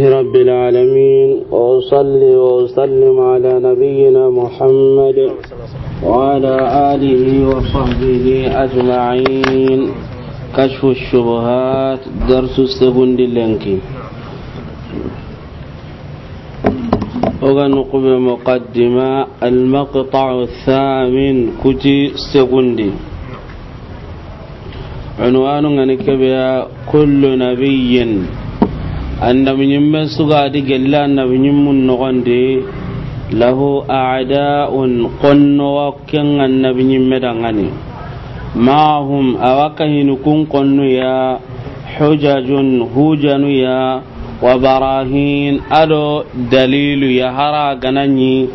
رب العالمين وأصلي وأسلم على نبينا محمد وعلى آله وصحبه أجمعين كشف الشبهات درس السبن للنكي وغنقب مقدمة المقطع الثامن كتي سكندي عنوان كبير كل نبي annabi ñimmen sugadi gelle annabi ñimmun nogondi lahu a'da'un qonnowa ken annabi ñimme dangani maahum awa kahinu kun qonnuya hujajun hujanuya wa barahin ado dalilu ya hara gananyi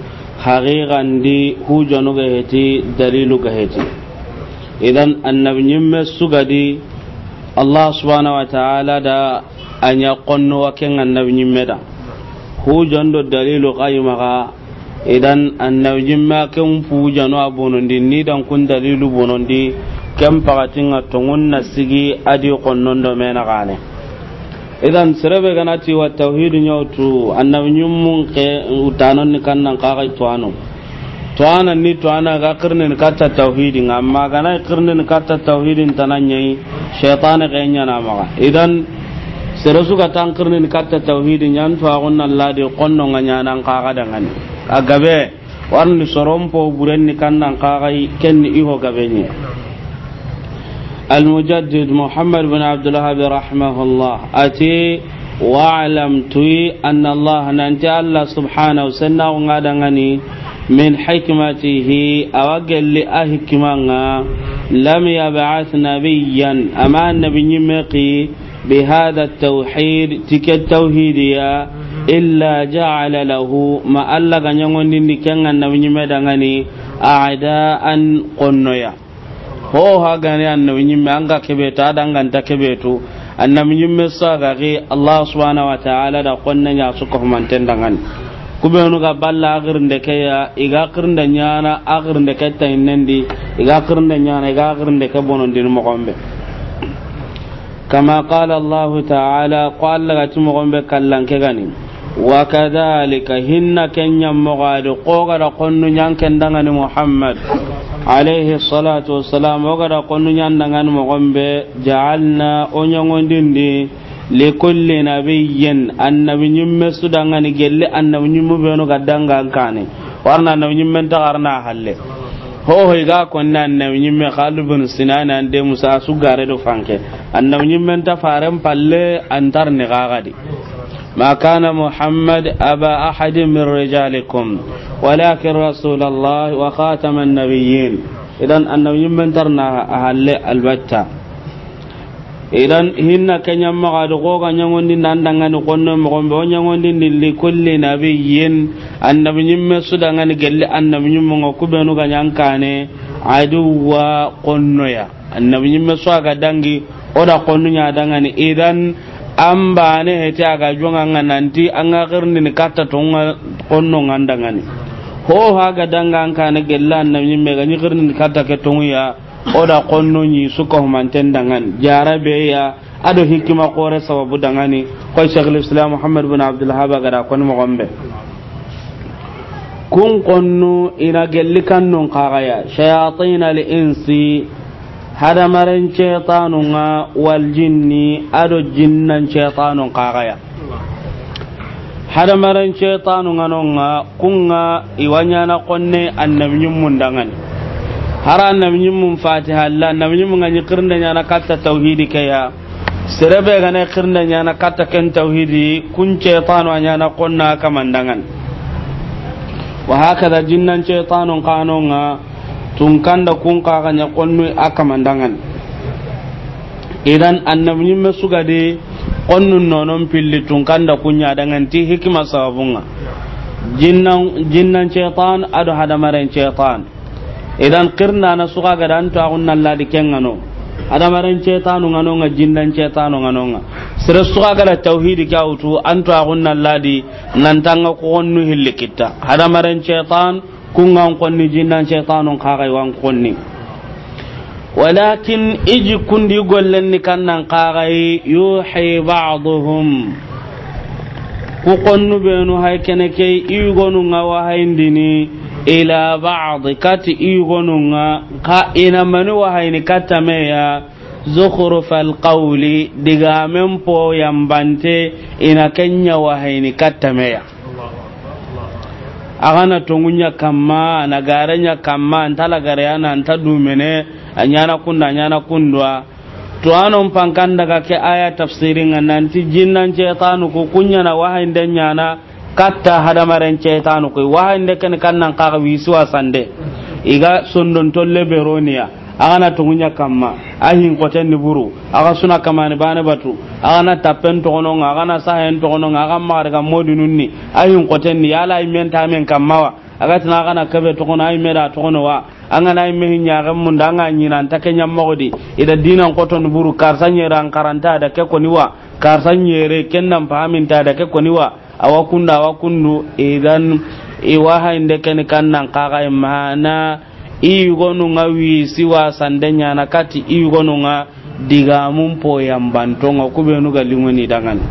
haqiqandi hujanu gaheti dalilu gaheti idan annabi ñimme sugadi allah subhanahu wa da anya qonno waken ken annabi nyimmeda hu jondo dalilu qayma ga idan annabi nyimma ken fujano ndi ni dan kun dalilu bonondi kem pagatinga tongun na sigi adi qonno do mena gane idan sirabe ti wa tauhid nyautu annabi nyummun ke utanon ni kannan ka kai tuano tuana ni tuana ga kirnin katta tauhidin amma gana kirnin katta tauhidin tananyai shaytan ga nyana maga idan sere suga tankirnin katta tauhidin yan to agon Allah de qonno nganya nan kaga dangan agabe warni sorompo burenni kannan kaga kenni iho gabenye المجدد محمد بن عبد الوهاب رحمه الله أتي واعلم توي أن الله ننتي الله سبحانه وسنة وغادغني من حكمته أوجل لأهكمانا لم يبعث نبيا أما النبي مقي بهذا التوحيد تك التوحيد يا إلا جعل له ما ألا كان يقول إني كان النبي مدعني أعداء قنويا هو هاغاني النبي مدعني أنك كبيتا دانك كبيتو annabi yin mesa gage Allah subhanahu wa ta'ala da kwannan ya suka humantin dangan kube nu ga balla agirin da kai ya iga agirin da nyana agirin da kai ta hinnan di iga agirin da nyana iga agirin da kai bonon din mo gombe كما قال الله تعالى قال لك مغنب كلان كغني وكذلك هن كن يمغاد قوغر قن ينكن دغن محمد عليه الصلاة والسلام وغر قن نيان ينكن مغنب جعلنا أنيون دندي لكل نبي النبي يمس دغن جل النبي يمبنو قدنغن كاني warna na nyimmenta garna halle ho ho ga konna na nyimme khalibun sinana musa su gare do fanke an nyimme ta faran palle antar ne ga ma kana muhammad aba ahad min rijalikum walakin rasulullah wa khataman nabiyyin idan an na nyimme tar ahalle albatta idan hinna kanyam maga do ko ga nyangondi nan danga ni konno mo gombe o nyangondi li kulli nabiyyin annabi nyimme sudanga ni gelle annabi nyimmo ngo kubenu ga nyankane wa konno ya annabi nyimme so ga dangi o da konno nya danga ni idan an ne heti aga jonga nanti an ga garni ni katta to konno ngandanga ni ho ha ga danga an kana gelle annabi nyimme ga ni ni katta ke to oda konno ni suka humanten dangan jarabe ya ado hikima kore sababu dangani ko shaykhul islam muhammad bin abdul haba gara kon mo gombe kun konno ina gellikan non kagaya shayatin al insi hada maran shaytanun wal jinni ado jinnan shaytanun kagaya hada maran shaytanun anon kunga iwanya na konne annabiyun mundangani hara nabi mun fatiha Allah nabi mun ganyi qirnda nyana katta tauhidi kaya serebe gane qirnda nyana katta ken tauhidi kun shaytanu nyana qonna kamandangan wa hakada jinnan shaytanun qanunga tun kanda kun kaga nya qonnu akamandangan idan annabi mun suga de onnun nonon pilli tun kanda kunya dangan ti hikima sabunga jinnan jinnan shaytan adu hadamaren shaytan idan qirna na suka ga dan to agun nan ladi kengano adamaren cetanu ngano nga jindan cetanu ngano nga sira suka ga tauhid ka utu an to agun nan ladi nan tanga ko onnu hillikita adamaren cetan kungan konni jindan cetanu ka ga wan konni walakin iji kundi gollen ni kannan kagai yuhi ba'dhum ku konnu benu hay keneke i gonu ngawa ndini. ila ba'd kat igonunga ka ina manu wahayni katameya zukhrufal qawli diga men po yambante ina kenya wahayni katameya agana tongunya kamma na garanya kamma antala garayana anta dumene anyana kunda anyana kundwa to anon pankan daga ke aya tafsirin nanti jinnan ce tanu ko kunya na wahayin katta hadamaren cetanu koy wahande ken kannan kaga suwa sande iga sondon tolle beroniya agana tungunya kamma ahin koten ni buru aga suna kamani bane batu agana tappen togonon agana sahen togonon aga magare ga modinun ni ahin koten ni yala imen tamen kammawa aga tana agana kabe togono ay meda togono wa angana ay mehi nyaga mun danga nyina antake nyammogodi ida dinan koton buru an karanta da ke koniwa karsanyere kennan pahaminta da ke koniwa awa kundu awa kundu idan iwa hainde ken kannan kaga mana gonu nga wisi wa sandenya na kati gonu nga digamun poyan bantonga kubenu ga ni dangani.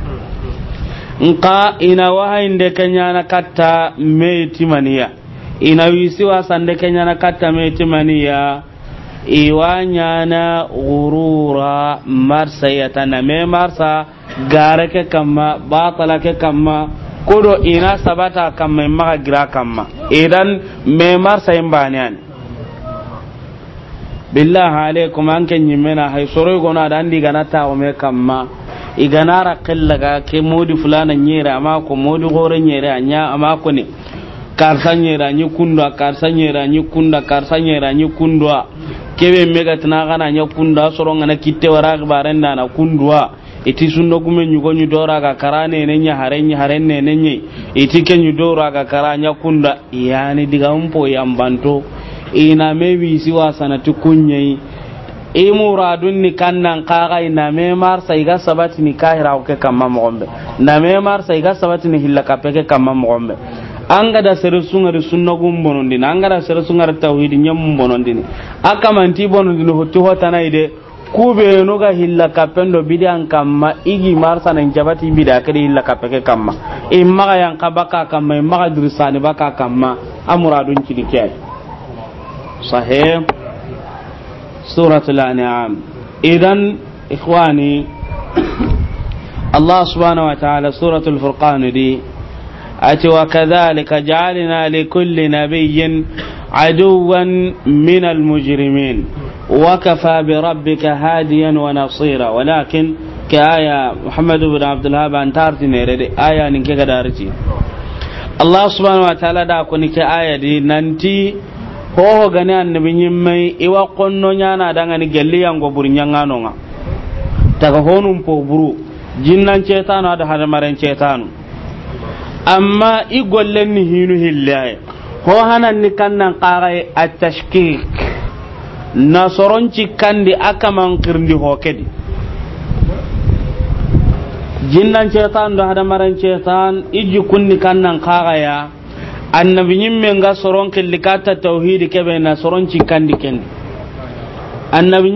nka ina wahainde kenyana kata meti maniya ina wisi wa sande kenyana katta meti maniya iwa nyana gurura marsa yatana me marsa gara ke kama batala ke kama kodo ina sabata kamma maga gira kama idan memar marsa in banyan billahi alaikum an kan yimena hay soro gona dan diga na ta o me kamma iganara kallaga ke modi fulana nyere ama ko modi gore nyere anya ama ko ne karsa nyere nyi kundwa karsa nyere nyi kundwa karsa nyere nyi kundwa kebe mega tana kana nyi kundwa soro ngana kitte wara gbaren na kundwa iti sunno gume nyugo nyu dora ga karane ne nya haren nya haren ne ne iti ken nyu dora ga karanya kunda yani diga umpo yambanto ina me wisi si wasana tu kunye i muradun ni kannan kaga ina me mar sai ga sabati ni kahira ko ke kamma mo na me mar sai ga sabati ni hilla ka peke kamma mo gombe an ga da sere sungari sunna gum bonon din an ga da sere sungari tauhid nyam bonon din akamanti bonon din hotu hotana ide kube no ga hilla kappen do bidan kamma igi marsa nan jabati bida kadi hilla kappe ke kamma maga ga yang kabaka kamma imma ga dursani baka kamma amuradun dike sahih suratul an'am idan ikhwani allah subhanahu wa ta'ala suratul furqan di ati wa kadhalika ja'alna li kulli nabiyyin aduwan min al mujrimin وكفى بربك هاديا ونصيرا ولكن كآية محمد بن عبد الوهاب أن تعرفي نيري آية نك دارتي الله سبحانه وتعالى دا كوني كآية دي ننتي هو غني النبي نيمي إوا قنو نيانا دانغاني جلي يانغو بوري نيانغانونغا تاغا هونم بو برو jinnan cetano هذا hadamaren cetano amma i لن هينو هلاي هو ho hanan قاري التشكيك nasoronci kandi akaman kirndi hokedi jinnan cetan do hadamaren cetan iji kunni kannan ya annabi men ga soron killi katta tawhidi keɓe na soronci kandi kendi annabi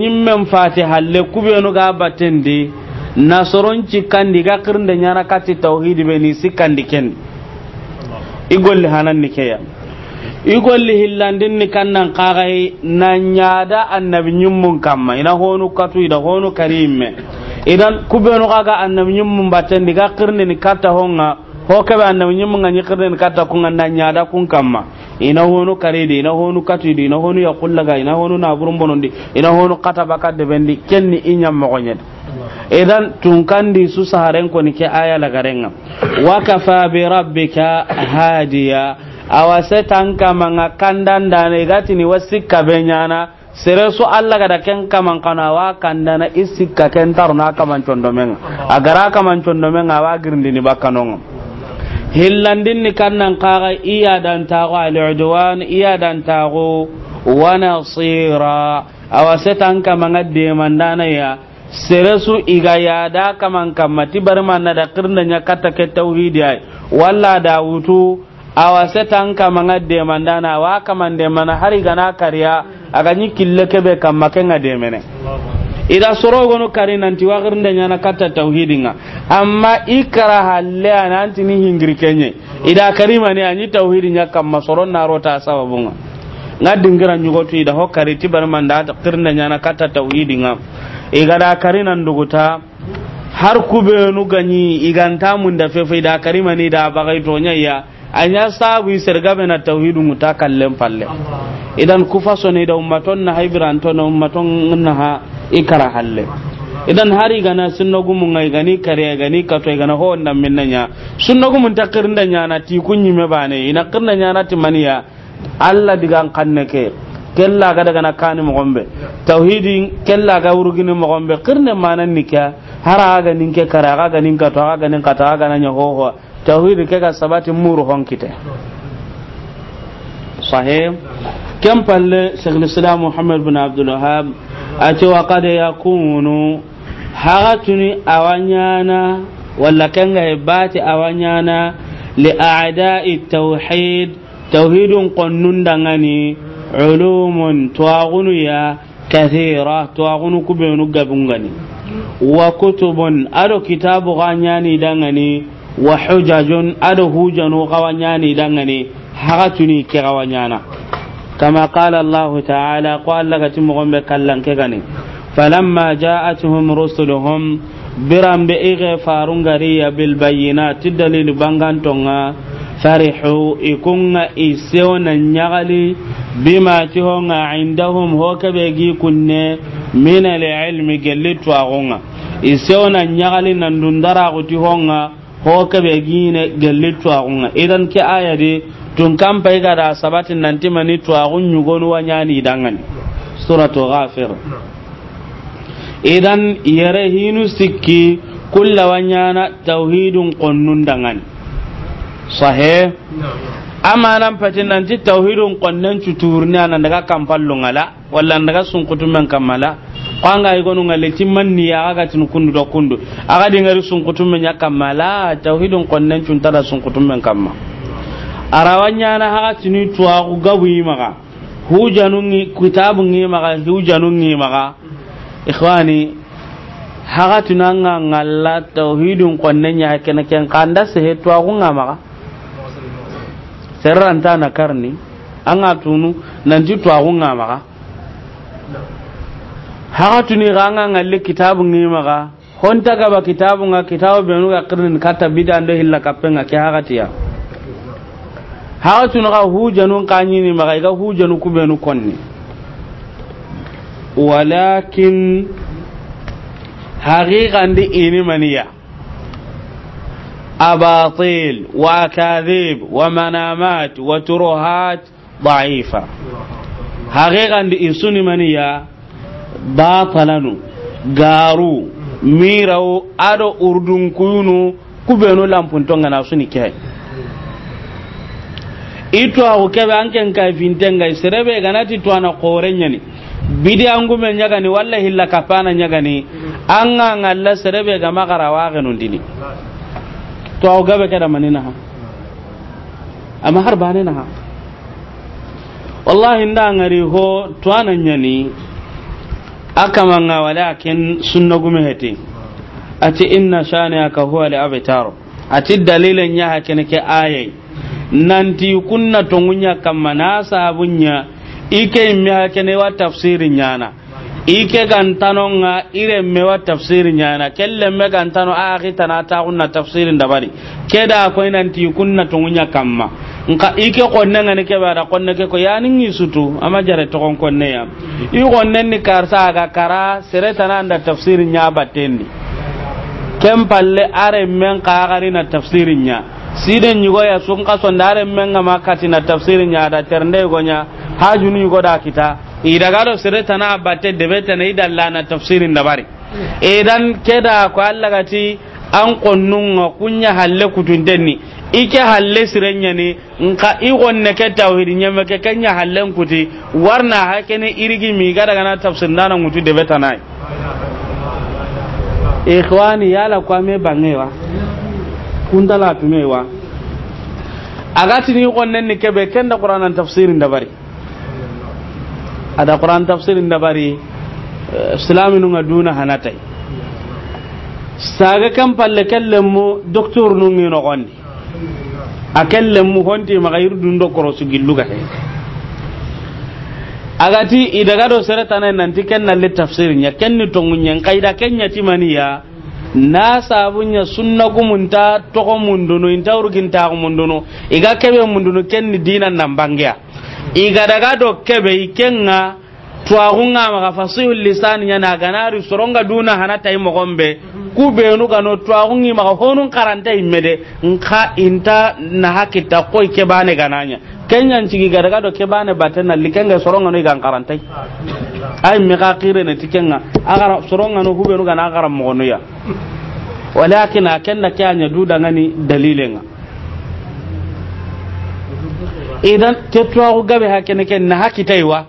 fatiha le halle no ga battendi na soronci kandi ga kirnde nyara kati tawhidi be ni sikkandi kendi i golli hananni keya igolli hillandin ni kannan kagai nan yada annabi nyimmun kamma ina honu katu ida honu karimme idan kubenu kaga annabi nyimmun batten diga kirni ni katta honga ho kebe annabi nyimmun ga nyikirni ni katta kun nan kun kamma ina honu karidi ina honu katu ina honu yakullaga ina honu naburun bonondi ina honu kata bakadde bendi kenni inyam mogonyed idan tunkandi su saharen ko ni ke aya lagarenga wa kafa bi rabbika hadiya awa setan kama nga kandan dana ni wasikka be nyana sere su Allah gada ken kaman kana wa kandana isikka ken tarna kaman condomenga agara kaman condomenga wa girndini bakkanonga hillandin ni kannan kaga iya dan tago al-udwan iya dan tago wa nasira awa setan kama nga de mandana ya sere su iga yada kaman kamati bar manna da nya kata ke tauhidi ay walla da wutu awa setan kamanga demandana awa kamandemana hari gana kariya ni kille kebe kamma kenga demene ida soro gono kari nanti gurnde nyana katta tauhidinga amma ikara halle ananti ni hingri kenye ida karima ne anyi tauhidin ya kamma soro naro ta sababunga nga dingira nyugotu ida hokkari tibar manda kirnde nyana katta tauhidinga igada kari nan duguta har kubenu ganyi iganta mun da fefe da karima ne da bagaito ya anya sabu serga gabe na tauhidu mutakallim falle idan kufa ne da ummaton na haibran to na ummaton na ha ikara halle idan hari gana sunna gumun ngai gani kare gani ka to gana ho nan minna nya sunna gumun takirin da nya na ti kunyi me bane ina kirna nya na timaniya alla digan kanne ke kella ga daga na kani mu gombe tauhidi kella ga wurgini mu gombe kirne manan nika hara ga ninke kare ga ninka to ga ninka ta ga ya ho ho tawhid ke ga sabati muru honkite sahih kam palle shaykh islam muhammad bin abdul wahab ati wa qad yakunu haratuni awanyana wala kanga ibati awanyana li a'da'i tawhid tawhidun qannun dangani ulumun tuagunu ya kathira tuagunu kubenu gabungani wa kutubun ado kitabu ganyani dangani wa hujajun ado hujanu qawanyani dangane haga tuni ke qawanyana kama qala allah ta'ala qala ga timo gombe kallan ke gane falamma ja'atuhum rusuluhum biram be ige ya bil bayyinati dalil bangantonga farihu ikunga na nyagali bima tihonga indahum hokabe gi kunne min al ilmi gelli twagunga na nyagali nandundara gutihonga ho be gine gelli tuwagunga idan ke aya de tun kan pai ga da sabatin nan timani tuwagun nyugonu wanyani dangani suratu ghafir idan yare hinu sikki kulla wanyana tauhidun qonnun dangan sahe amma nan fatin nan ti tauhidun qonnan cuturni nan daga kan fallon ala wallan daga sun kutumen kamala kwanga yi gonu ngalle timman ni ya ga tin kundu da kundu aga de ngari sun kutum men yakam mala tauhidun konnen cun tada sun kutum men kamma arawanya na ha tini tuwa ku gabu yi maka hujanun ni kitabun ni maka hujanun ni maka ikhwani haga nga ngalla tauhidun konnen ya kana ken kanda se he tuwa ku ngamaka serranta na karni anga tunu nanti tuwa ku ngamaka haka tuni ganga ngalle kitabu ngi maga honta ga ba kitabu nga kitabu be nuga qirnin kata bida ndo hilla kapenga ke haka tiya haka tuni ga hujanu kanyi ni maga ga hujanu kubenu konni walakin haqiqan di ini maniya abatil wa akadhib wa manamat wa turuhat da'ifa haqiqan di isuni maniya batalanu garu mirawo ado urdun kuyunu kubenu tonga na suni ke ito awu ba anken kai vintenga serebe ganati to ana qorenya ni bidi angume nyaga ni wallahi la kafana nyaga ni anga ngalla serebe ga magara wa ganun dini to awu gabe kada manina ha amma har bane na ha wallahi nda ngari ho to ananya ni akama nga walakin sunna gume heti ati inna shani aka huwa al abtar ati dalilin ya hakene ke ayai nanti kunna tungunya kama na sabunya ike mi ne wa tafsirin yana ike gantano nga ire wa tafsirin yana kelle me gantano a akita na ta kunna tafsirin dabari keda nan nanti kunna tungunya kama nka ike konne ngani ke bara konne ke ko yani ngi sutu ama jare to kon konne ya i konne ni sa ga kara sere tana anda tafsir nya batendi kem palle are men ka gari na tafsir nya siden yugo ya sun ka son dare men ga makati na tafsir nya da ternde haju hajuni go da kita i daga do sere tana batte de bete ne idalla na tafsirin nda bari idan keda ko Allah gati an konnun kunya halle kutun denni ike halle sirenya ne nka i gonne ke tauhid nyame ke kanya halle kuti warna ne irigi mi ga gana tafsir nana mutu de betanai ikhwani yala kwa me bangewa kundala tumewa agati ni ne ke kebe kenda qur'anan tafsirin da bari ada qur'an tafsirin da bari islam eh, nu ngaduna hanatai saga kan palle kallemu doktor nu ngi akelle mu honti magayir dundo korosu gillu ga tay agati idaga do sereta nan nanti kenna le tafsir nya kenni tongunyen kaida kenya timaniya na sabunya sunna gumunta toko munduno inta urginta munduno iga kebe munduno kenni dinan nan bangiya iga daga do kebe ikenga agunga maga fasihul lisan nya na ganari soronga duna hanata imogombe ku benu gano twagungi maka honun karanta imede nka inta na hakita koy ke bane gananya kenyan cigi gadaga do ke bane batena likenga soronga no igan karanta ay me ka qire ne tikenga agara soronga no hubenu gana agara mogono ya walakin akenna kanya duda ngani dalilenga idan ke twagu gabe hakene ken na hakita iwa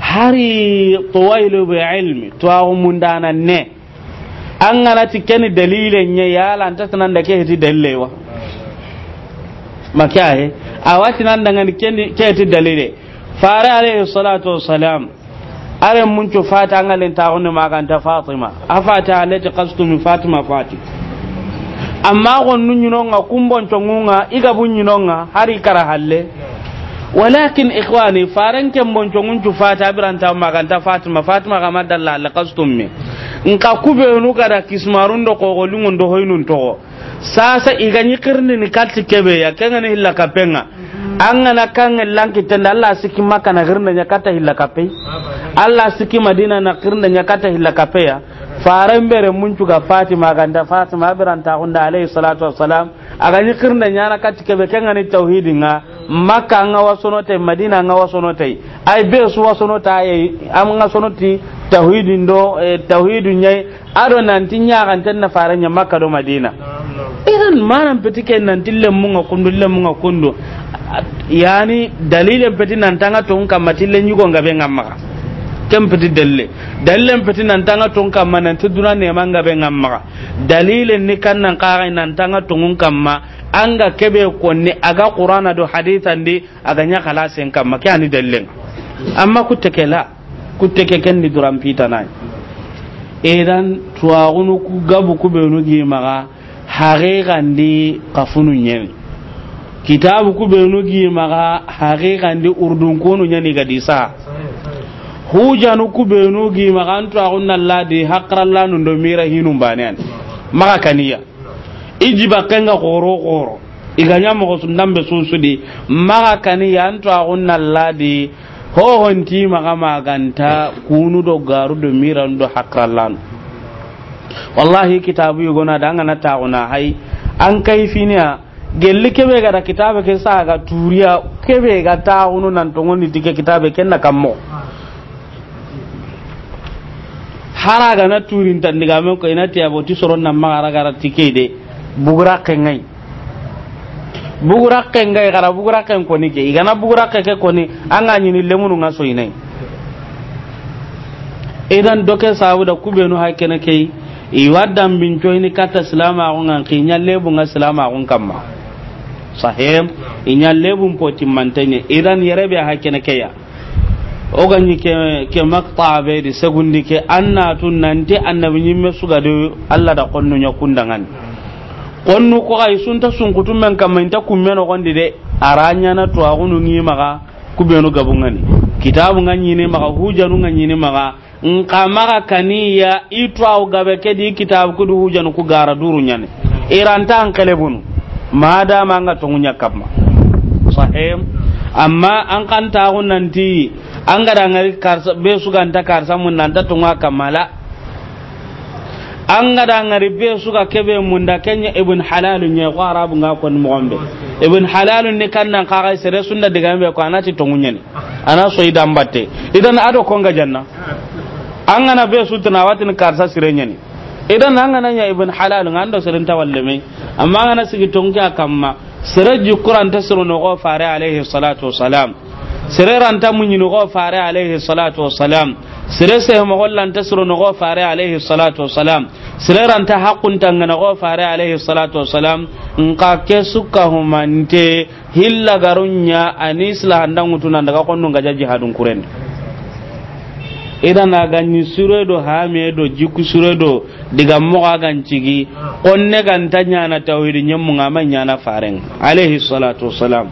hari tuwailu bi ilmi twagu mundana ne an gana tikeni dalilin ya yala anta tanan da ke hiti dalilewa makaye a wasu nan da ngani ke hiti dalile fara alaihi salatu wassalam are mun cu fata an halin ta wani maganta fatima a fata alati kastu min fatima fati amma gonnun yinonga kumbon tongunga iga bun yinonga hari kara halle walakin ikhwani faran kan boncongun cu fata biranta maganta fatima fatima ga madalla alqastum min nka kubenu kada kismarun do kismarundo kogolungundo hoynun togo sasa iganyi ñikirni ni kalti kebe ya kenga ni hilla kapenga na kanga lanki tenda Allah siki maka na girna nyakata hilla kape Allah siki madina na girna nyakata hilla kape ya faran munchu ga cuga fatima ganda fatima biranta hunda alayhi salatu wassalam aga ni kirna nyana kati kebe kenga ni tauhidi nga maka nga wasonote madina nga wasonote ay be su wasonote ay am nga sonoti tauhidin do eh, tauhidun yayi ado nan tin ya kan tan na faran ya makka do madina idan manan petike nan tillen mun ga kundu len mun ga kundu yani dalilen peti nan tanga to kan matillen yugo ngabe ngamma kem peti dalle dalilen peti nan tanga to kan man to duna ne man ngabe ngamma dalilen ni kan nan qara nan tanga to kan ma anga kebe konni aga qur'ana do hadithan di aga nya kala sen kan ma kani dallen amma kutake la kutte ke kendi duran pita pitanai idan tuwagunu ku gabu ku benu gi maga haqiqandi kafunu nyeni kitabu ku benu gi maga haqiqandi urdun kunu nyeni gadisa hujanu ku benu gi maga antu agunna ladi haqralla nun do mira hinum banen maka kaniya ijiba kenga goro goro iganya mo sunnambe susudi maka kaniya antu agunna ladi hohonti maga maganta kunu do garu do miran do hakralan wallahi kitabu yugona danga na tauna hay an kai finiya gelli kebe ga da kitabe ke sa ga turiya kebe ga taunu nan to ngoni dike kitabe kenna kammo hara ga na turin tan diga men ko ina tiya boti soron nan magara gara tike de bugura kengai bugura kenga igara bugura ken koni ke igana bugura ke ke ni anga nyini lemunu ngaso inai idan doke sabu da kubenu hakene kei iwaddan binco ni kata salama ko ngan ki nyallebu nga salama ko kamma sahem inya inyallebu poti mantenye idan hake na hakene ya o ni ke ke makta be di segundi ke anna tun nanti annabi nyimme suga do Allah da konno nyakundangan onnu ko ay sunta sunkutum men kam min ta kumme no gonde de aranya na to agunu ngi maga kubenu gabungani kitabu nga nyine maga hujanu nga nyine maga nka maga kaniya itwa gabe ke di kitabu kudu hujanu ku gara duru nyane iranta an kale bunu kalebunu ma nga tongunya kamma sahim amma an kan ta nanti an gada ngari karsa be su ganta karsa mun nan ta tunga kamala an gada ngari be suka kebe munda kenya ibn halal ne ko arabu nga kon mo ibn halal ne kan nan kaga sere sunna diga mbe ko anati tongunya ni ana so idan batte idan ado konga janna an gana be na watin karsa sire ni idan an gana ya ibn nga an do sirin tawalle me amma gana sigi tonga kamma sere ju qur'an tasiru no ko fare alaihi salatu wassalam sere ranta munyi no go fare alaihi salatu wassalam sire sai mo hollanta suro no go alayhi salatu wassalam sire ranta hakunta ngana go fare alaihi salatu wassalam nka ke suka humante hilla garunya anisla handan mutuna daga konno ga jaji hadun kuren idan aga ni sure do hame do jiku sure do diga moga gan cigi konne gan na nyana nyam nyammu ngama nyana faren alayhi salatu wassalam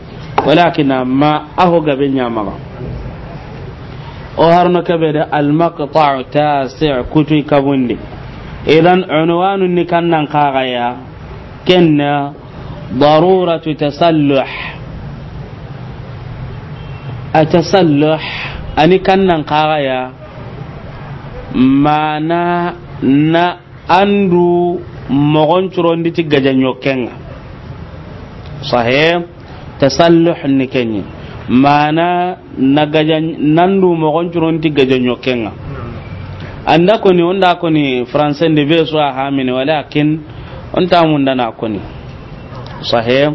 walakin amma aho gabe nyama. o har harno kebe da almaqta tasi' kutu kabundi idan unwanun ni kannan kagaya kenna daruratu tasalluh atasalluh ani kannan kagaya mana na andu mogon curondi ti gajanyo kenga sahe tasalluh ni kenya. mana nagaja nandu mogon curonti gaja nyokenga anda wanda onda ni français de be so min walakin onta dana ko ni sahih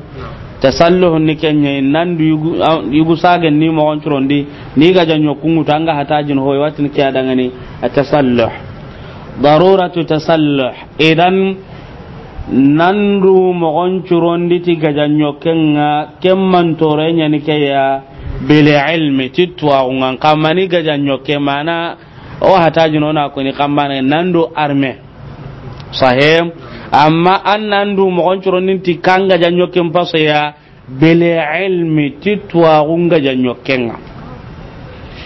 tasalluh ni kenye nan yugu, yugu sagen ni mogon curondi ni gaja nyokungu tanga hatajin hoy watin kiya dangani tasalluh daruratu tasalluh idan nandu mogon curondi ti gajanyo kenga kemman tore nyani keya bile ilmi ti tuwaungan kamani gajanyo ke mana o hataji nona kuni kamana nandu arme sahem amma an nandu mogon curondi ti kan bile ilmi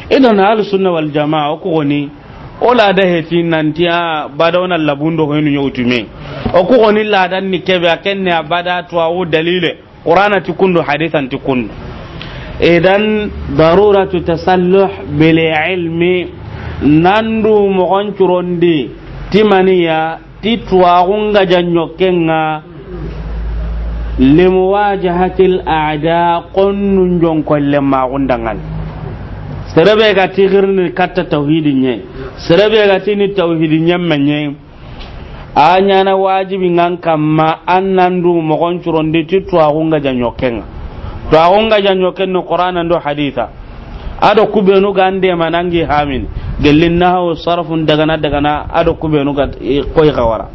idan sunna wal jamaa ko ni ola da heti nanti a badawna labundo hoynu nyawtume o ku goni ladan ni kebe akenne abada to awu dalile qur'ana tikundu hadithan tikundu idan daruratu tasalluh bil ilmi nandu mogon curondi timaniya ti tuwaxunga janyokenga limuwajahati lada qonnun jonkollen maxundangan serebe ga tigirni katta tawhidi ñe serebe ga tini tauhidi nyammenye a nyana wajibi ngan kamma an nan du mogon curondi ti twagunga janyokenga twagunga janyoken no qur'ana ndo haditha ado kubenu gande manangi hamin gelinna nahawu sarfun dagana dagana ado kubenu ga koy gawara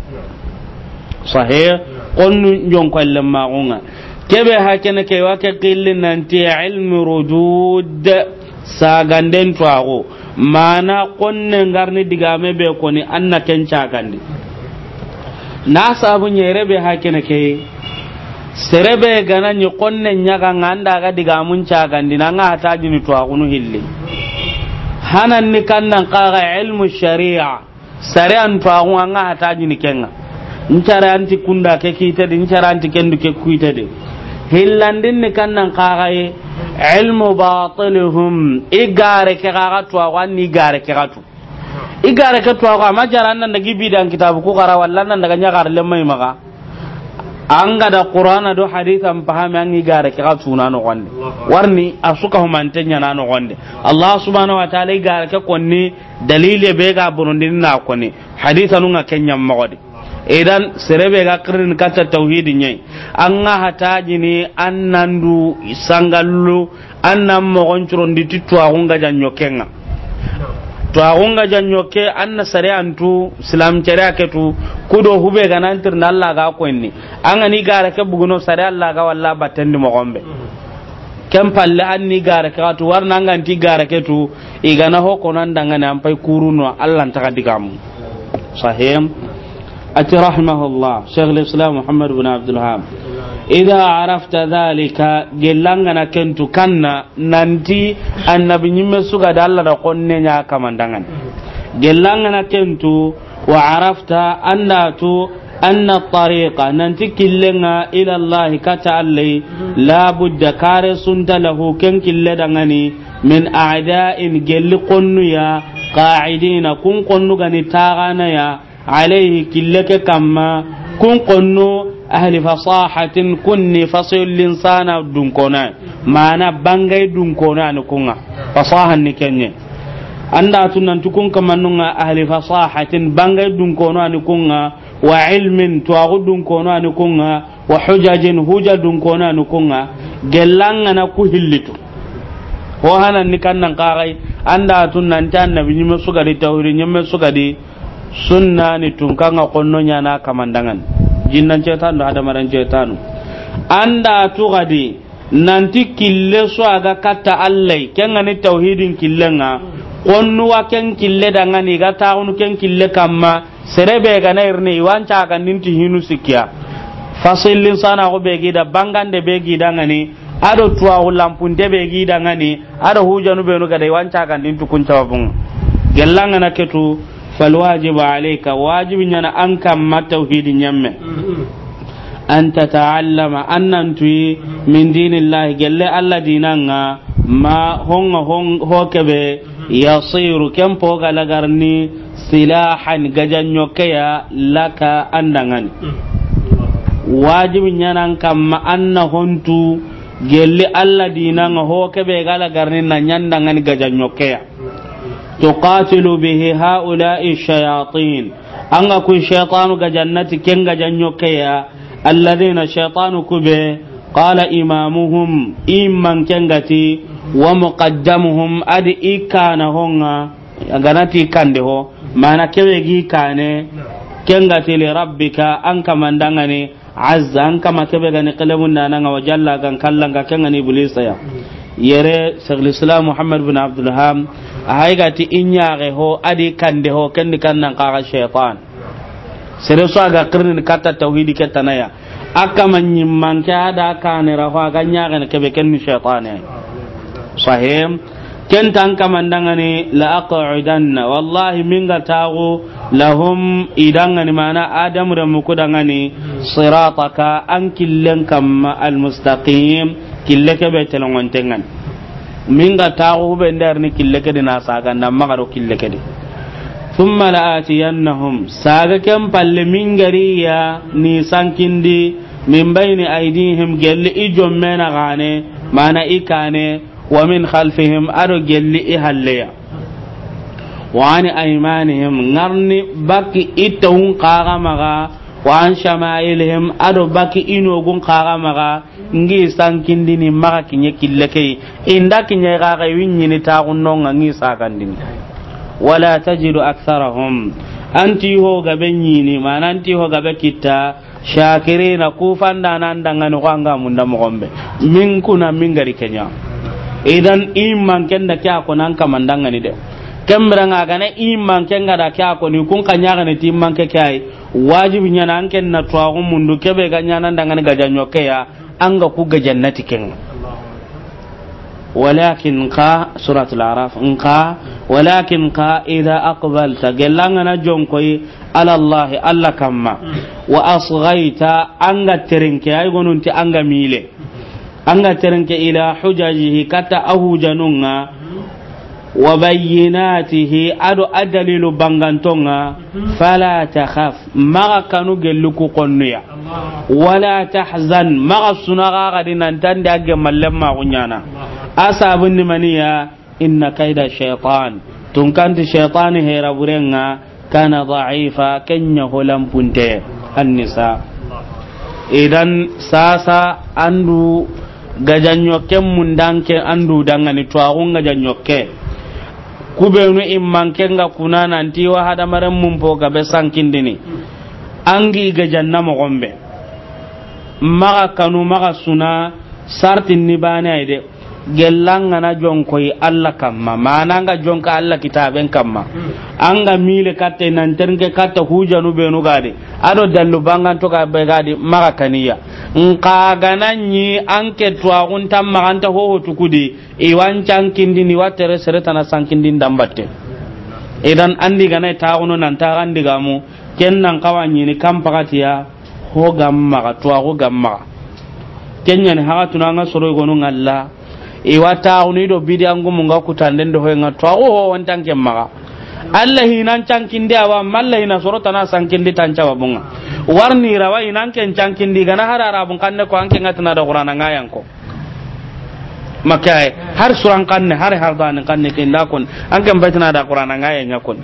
sahih qonnu jonkolle magunga kebe hakene ke wa ke qillin nanti ilmi rudud saganden twago mana konne ngarni digame be koni anna ken cagandi na sabu nyere be hakene ke serebe gana nyi konne nyaga nganda ga digamun cagandi na nga hataji ni to agunu hilli hanan ni kannan qara ilmu sharia sare an to an nga hataji ni kenga ncara anti kunda ke kite de ncara anti kendu ke kuite de hillandin ni kannan qara ye ilmu batilihum igare ke ga to wa ni gare ke ga to igare ke to wa ma jaran nan daga bidan kitabu ku gara wallan nan daga nyagar le mai maga an ga da qur'ana do hadithan fahami an igare ke ga tuna no gonde warni asuka humantenya na no gonde allah subhanahu wa ta'ala igare ke konni dalile be ga burundin na konni hadithan nga kenyan magodi idan serebe ga kirin kata tauhidin yai an ga hata ne an nan du sangallu an nan mogon curon di tituwa hunga janyo kenga to agunga janyo ke na sare tu islam cere ake tu kudo hube ga nan tir nalla ga ko ni an ani gara ke buguno sare alla ga walla di mo gombe kem palle ni gara ka tu warna nganti gara ke tu igana ho konan dangane an fai kuruno allah ta kadigamu sahem أتي رحمه الله شيخ الإسلام محمد بن عبد الوهاب إذا عرفت ذلك جلنا كنت كنا ننتي النبي نمسو قد الله نقول نيا كمان دعنا جلنا كنت وعرفت أن تو أن الطريق ننتي كلنا إلى الله كتعلي لا بد كارسنت له كن كل دعاني من أعداء جل قنيا قاعدين كن قنغني يا عليه كلك كما كن قنو أهل فصاحة كن فصل الإنسان دنكونا معنا بانغي دنكونا نكونا فصاحة نكني anda tunan tukun kamannunga ahli fasahatin bangay dun kono ani kunga wa ilmin tuagu dun kono kunga wa hujajin huja dun kunga gellanga na ku hillitu ho hanan ni kannan qarai anda tunan tan nabi nyimme suga di tawhid nyimme suga di sunna ni tun kan ga konno nyana kamandangan jinnan cetan do ada maran cetanu anda tu gadi nanti kille so aga kata allai kenga ni tauhidin killenga konnu wa ken kille danga ni ga taunu ken kille kamma serebe ga na irne wanca ga ninti hinu sikya fasillin sana go be gida bangande be gida ngani ado tuwa de be gida ngani ado hujanu be no ga da wanca ga ninti kunca babun gellanga na ketu فالواجب عليك واجب ان أنك ما توحيد نيمة ان تتعلم ان انت من دين الله جل الله ديننا ما هون هون هوكبه يصير كم فوق لغرني سلاحا ججن يوكيا لك أندغن واجب ان أنك ما أن هونتو جل الله ديننا هوكبه لغرني gala garni na tuqatilu bihi haula'i shayatin an ga kun shaytanu ga jannati ken janyo kaya alladhina shaytanu kube qala imamuhum imman ken gati wa muqaddamuhum ad ikana honga ganati kande ho mana kewe gi kane ken rabbika an kamandanga ne azza an kama kebe gani qalamun nananga wa jalla yere shaykhul islam muhammad bin abdulham a hay in inyaare ho adi kande ho kan nan kaga shaytan sere so aga kirni kata tauhidi ke tanaya aka manyin manke ada kane ra ho aga nyare ne kebe kenni shaytan ne sahim ken tan kamandangani la aq'udanna wallahi ga tago lahum idangani mana adamu da muku dangani sirataka an kamma almustaqim kille ke be telongon tengan min ga taxu be ndar ni kille ke dina saga na magaro kille ke di thumma la'atiyannahum saga kem palle min gariya ni sankindi min bayni aidihim gelli i jommena gane mana i kane wa min khalfihim ado gelli i halleya wa ani aymanihim ngarni baki i tawun maga wa an him, ado baki ino gun kaga maga ngi san kindini maga kinye killake inda kinye kaga winni ni ta gunnon ngi sakandini wala tajidu aktharahum anti ho gabe nyini man anti ho gabe kitta shakirina kufanda nan dangane ko anga munda mogombe min kuna min gari kenya idan imman kenda kya ko nan kamandangani de kembra nga gane iman ke ga da kya ko ni kun kanya ga ne timman ke kai wajibi nya nan ken na tuwa ko mundu kebe ga nya nan dangan gajan yo ke ya an ga ku ga jannati ken walakin ka suratul araf in ka walakin ka idza aqbalta gelanga na koy ala allah alla kamma wa asghaita anga terinke ay an anga mile anga terinke ila hujajihi kata ahujanunga wa bayyinatihi ado adalilu bangantonga mhm. fala takhaf maga kanu geluku konnuya wala tahzan maga sunaga gadi nantan da ga mallam ma gunyana asabun nimaniya inna kaida shaytan tun kanti shaytan hera burenga kana dha'ifa kenya holam punte annisa idan sasa andu gajanyoke mundanke andu dangani twagun gajanyoke kubenu immankenga kuna nanti wa hadamaren mumpo sankin sankindini angi ga jannama gombe maga kanu maga suna sartin ni bane gellanga na jonkoy Allah kamma mananga jonka Allah kitaben kamma anga mile katte nan ternke katta be benu gade ado dallu bangan to ka be gade maka kaniya nka gananyi anke to agun tamma maganta ho ho tukudi e wancan kindi ni watere sereta na sankindi dambatte idan andi gana ta gono nan ta andi gamu kennan kawanyi ni kampakatiya ho gamma to agu gamma kenya ni haga tunanga soro gonu ngalla iwata uni do bidi angu munga kutanden do hoynga to o won tanke maga alla hinan cankindi awa malla hina sorota na sankindi tancawa bunga warni rawa inan ken cankindi gana hara rabun kanne ko anke ngatna da qur'ana ngayan ko makai har suran kanne har har dan kanne da kun anke mbatina da qur'ana ngayan yakon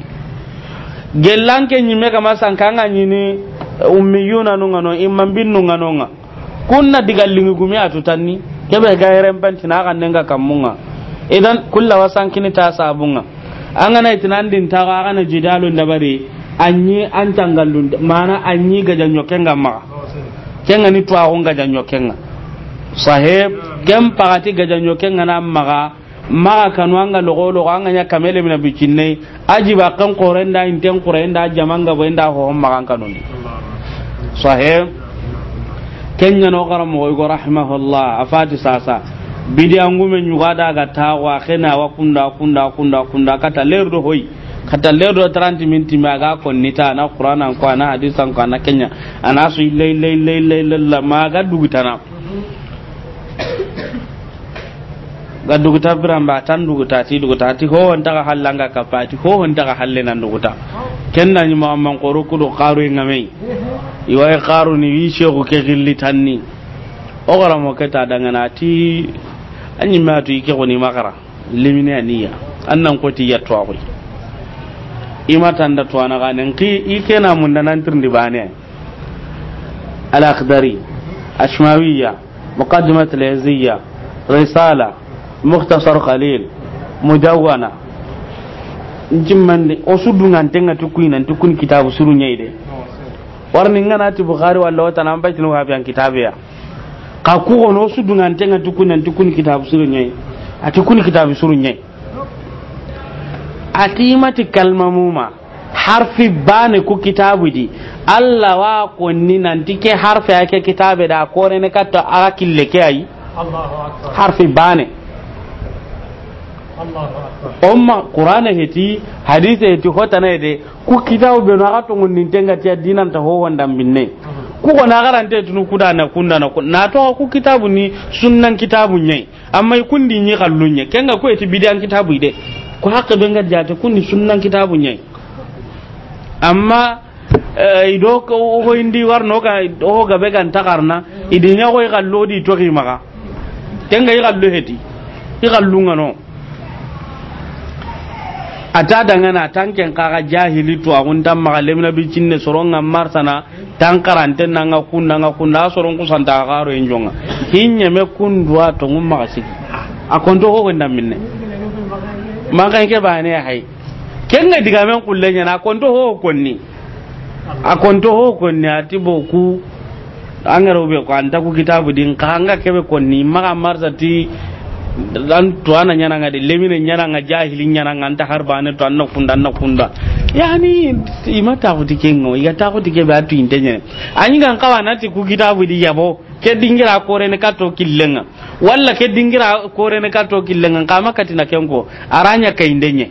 ken nyime kama sankanga nyini ummiyuna nungano imman binnu nganonga kunna digallingi gumi atutanni kebe ga yaren banti na kan ninga kammunga idan kullu wasan kini ta sabunga an gana itinan din ta ga na jidalun da bare anyi an tangallun mana anyi ga janyo kenga ma kenga ni tuwa ga janyo kenga sahib gem pagati ga janyo kenga na maga maga kanu an ga logo logo an ganya kamele mina bicinne aji ba kan korenda inten da jamanga boenda ho maga kanuni sahib kenya no garam mo go rahimahullah afati sasa bidi angume nyuga daga tawa khena wa kunda kunda kunda kunda kata lerdo hoy kata lerdo 30 minti ma ga kon nita na qur'anan ko na hadisan kwa na kenya ana su illa illa illa illa ma ga dugutana ga duguta biramba tan duguta ti duguta ti ho on daga hallanga kapati ho on daga halle nan duguta kenna ni ma man ku do qaru ngame iwa qaru e ni wi shegu ke gilli ni o gara mo keta daga na ti anyi ma tu ike ko ni makara limine aniya annan ko ti yatwa ko ima tanda to na ga nan ki ike na mun nan tirndi bane al akhdari ashmawiya muqaddimat al risala mukhtasar khalil mudawwana njimmande o suddungan tenga tukkuyi nan tukkun kitabu suruñayi de warni nganati bukhari walla wo tana an baytinu ha fiyan kitabeya ka kugono o suddungan tenga tukkuyi nan tukkun kitabu suru suruñayi ati kun kitabu suru suruñayi atimati kalma muma harfi bane ku kitabu di allah wa konni nanti ke harfi ake kitabe da kore ne katta aka ke ayi harfi bane umma qur'ana heti hadise heti hota na ede ku kitabu be na gato ngun nintenga tiya dinan ta ho wanda minne mhm. ku ko na garante tunu kuda na kunda na na to ku kitabu ni sunnan kitabu nyai amma kundi nyi kallunye kenga ko eti bidan kitabu ide ku hakka be ngadja ta kundi sunnan kitabu nyai amma eh, ido ko ho indi warno ka ho ga be kan takarna mhm. idinya ko kallo di to ki maka kenga i kallo heti i kallunga no ata dangana tanken kaga jahili to agun tan maga lemna bi cinne soron ngam martana tan karante nanga kunna nga kunna soron ku santa garo enjonga hinnya me kundwa to ngum maga a akonto ko gonda minne maka ke bane hay kenga diga men kullenya na akonto ho konni akonto ho konni atibo ku angaro be ko anta ku kitabu din kanga kebe konni maga marsa ti dan tuana nyana ngade lemine nyana nga jahili nyana nga harba ne to anna kunda anna kunda yani ima ta ko tikengo ya ta ko tike ba tu intenye anyi kan kawa nati ku kitabu di yabo ke dingira kore ne kato killenga walla ke dingira kore ne kato killenga kama katina kengo aranya ka indenye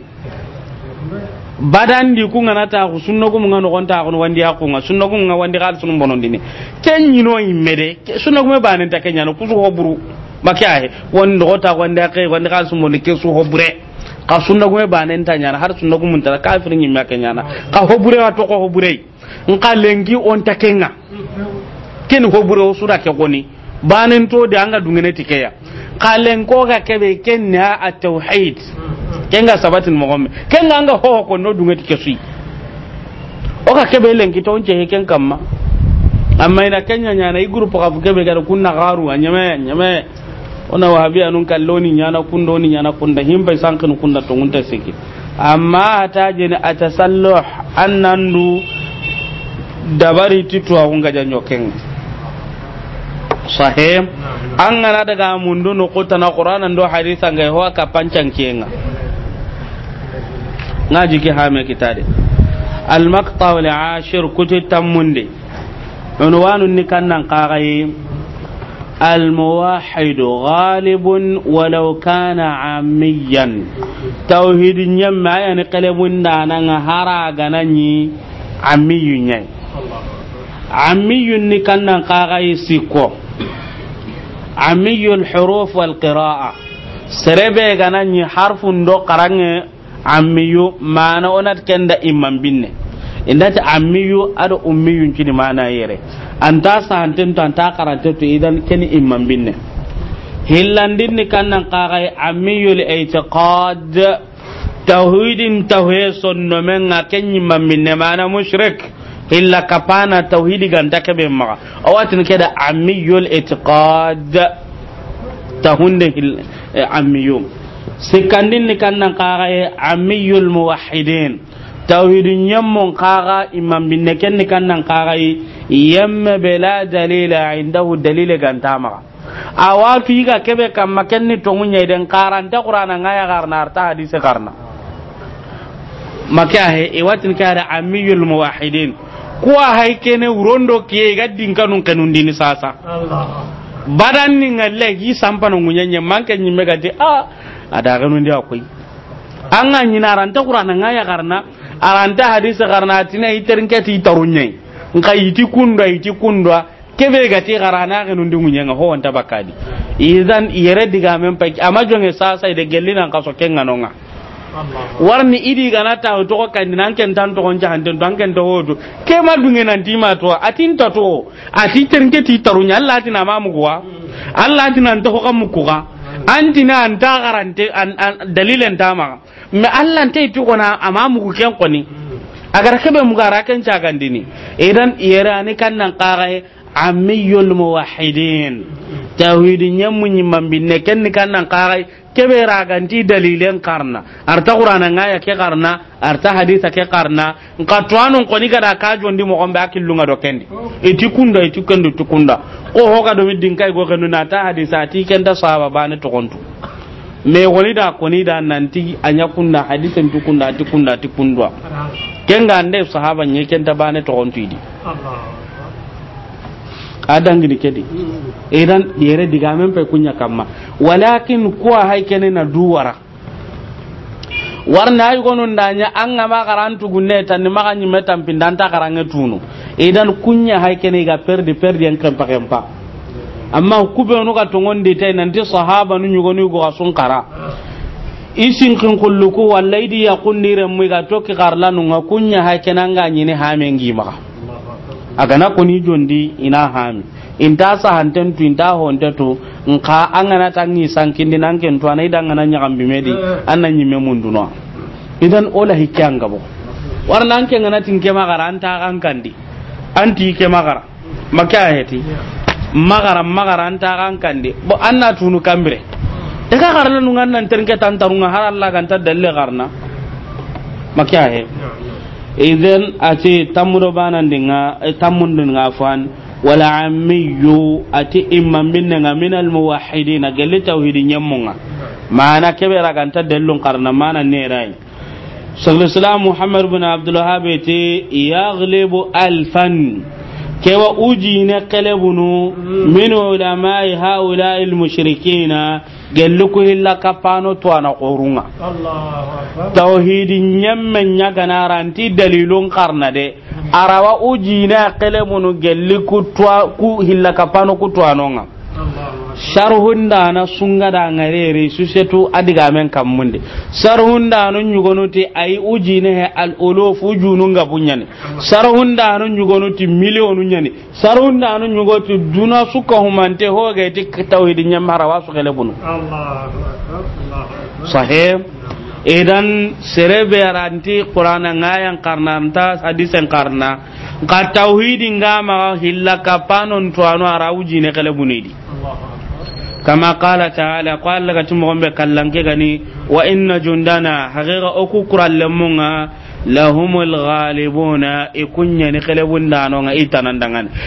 badan di ku ngana ta ku sunno ku ngana ko ta kun wandi aku nga sunno ku nga wandi kal sunno bonon dini ken nyino imede sunno ku me banen ta kenya no ku ho buru wani wanda gota wanda kai wanda kan sun mun ke su hobure ka sunna gume banen ta nyana har sunna gumun ta kafirin yin maka nyana ka hobure wa to ko hobure in ka lengi on ta kenga ken hobure o sura ke goni banen to da anga dungene tikeya ka len ko ga kebe ken na at tauhid kenga sabatin mugomme kenga anga ho ko no dungeti ke sui o ka kebe lengi to onje ken kamma amma ina kenya nyana i groupe ka kebe ga kunna garu anyame anyame ona wahabiya nun kallo ni nyana kundo ni nyana kunda himbe sankin kunda to ngunta siki amma je ni atasalluh annandu dabari titu a kunga janyo ken sahim an gana daga mundu kota na qur'anan do hadithan ga ho ka pancan kenga ngaji ki hame kitade al maqta wal ashir munde. tammunde unwanun ni kannan qagayi الموحد غالب ولو كان عاميا توحيد نيما يعني قلب دانا هرا غناني عمي ني عمي ني كان قاغاي سيكو عمي الحروف والقراءه سربي غناني حرف دو قران عمي ما اونات كندا امام بينه indati ammiyu ادو امي ني معنا يري anta sahanten to ta karanta to idan keni imman binne hillandin ni kannan kakai amiyul aitiqad tauhidin tauhe sonno men ga kenyi binne mana mushrik illa kapana tauhidi ganta kebe maka awatin keda amiyul aitiqad tahunde eh, amiyum sikandin ni kannan kakai amiyul muwahhidin tawhidun yammun kaga imam binne kenni kannan kaga yamma bela dalila indahu dalile ganta maka awatu yiga kebe kamma kenni tongunya idan karanta qur'ana ngaya garna arta hadise garna maka he iwatin kada amiyul ko hay kene urondo kiye gaddin kanun kanun dini sasa Allah badan ni ngalle gi sampano ngunyenye manke mega gati a ah, ada ganu ndia koy anga nyina ranta qur'ana ngaya garna aranta hadisa garnatina ti itarunyai nka iti kundwa iti kundwa kebe gati garana ga nundi nga ho wanta bakadi idan yere diga men paki amma jonge sasa ide gellina ka so kenga nonga warni idi gana ta to ko kan nan ken tan to kon jahan den banken to hodo ke ma dunge nan ti ma to atin ta to ati ternke ti tarunya Allah tina ma mu kuwa Allah tina to ko kam kuwa An antina anta garante dalilen tama me allah nte ti amma ama mugu ken koni agar kebe mugara gandi cagandini idan kan nan kara amiyul muwahidin tawhidin yammu nyimman binne kan nan kaga kebe raganti dalilen karna arta qur'ana ngaya ke karna arta hadisa ke karna nka tuanun koni kada kajo jondi mo gombe akillunga do kendi eti kunda eti kendo iti kunda ko hoga do middin kai go kendo na ta hadisa ti kenda sahaba bane to kontu me woni da koni da nanti anya kunna hadisa ti kunda ti kunda ti kundwa kenga ande sahaba nye kenda bane to kontu idi allah adangini kedi idan yere digamen pe kunya kamma walakin kuwa kene na duwara warna ay gonu ndanya anga ma garantu gunne tan ni maga nyi metam pindanta karange tunu idan kunya haikene ga perdi perdi en kempa kempa amma kube no ka tongon de tay nanti sahaba nu nyugo ni go asun kara isin kin kulluku wallahi di yaqun ni remu ga tokki karlanu nga kunya haikene anga nyine hamengi maka agana kuni jondi ina hami inta sahanten tu inta honte tu nka angana tangi sankindi nanken tu anai dangana an nan eh. anna nyime mundunwa idan ola hikyanga bo warna anke ngana ke magara an ta kandi an ti ke magara makya heti magara magara an ta anta kandi bo an na tunu kambre daga garna nungan nan ternke tantarunga har Allah kan ta dalle garna makya he idan ati tamuro banan dinga eh, tamun dinga afan wala ammiyu ati imma minna nga min al muwahhidin galle tauhidin yammunga mana kebe raganta dallun karna mana ne rai sallallahu alaihi muhammad ibn abdul wahhab ti yaghlibu alfan kewa uji ne kalebunu hmm. min ulama'i al mushrikina gelli ku hilla kapano to ana qurunga tauhidi nyemme nyagana ranti dalilun karna de arawa ujina na munu gelli ku to ku hilla kapano ku to anonga sharhun da na sun ga da ngarere su setu adiga men kam munde sharhun da no nyugonuti ay uji ne al uluf ujunun ga bunyani sharhun da no nyugonuti milionu nyani sharhun da no nyugoti duna suka humante ho ga ti tawhidin nyam harawa su gele bunu allah sahih idan serebe aranti qur'ana ngayan karna anta hadisen karna ka tauhidi ngama hilla kapanon to anu arawji ne kale bunidi allah kama kala ka ala ta ale, a ka ala kanti mɔgɔ mbe wa in na hakika uku kurale mun ka. lahumul ghalibuna ikunya ni qalebun dano nga itanan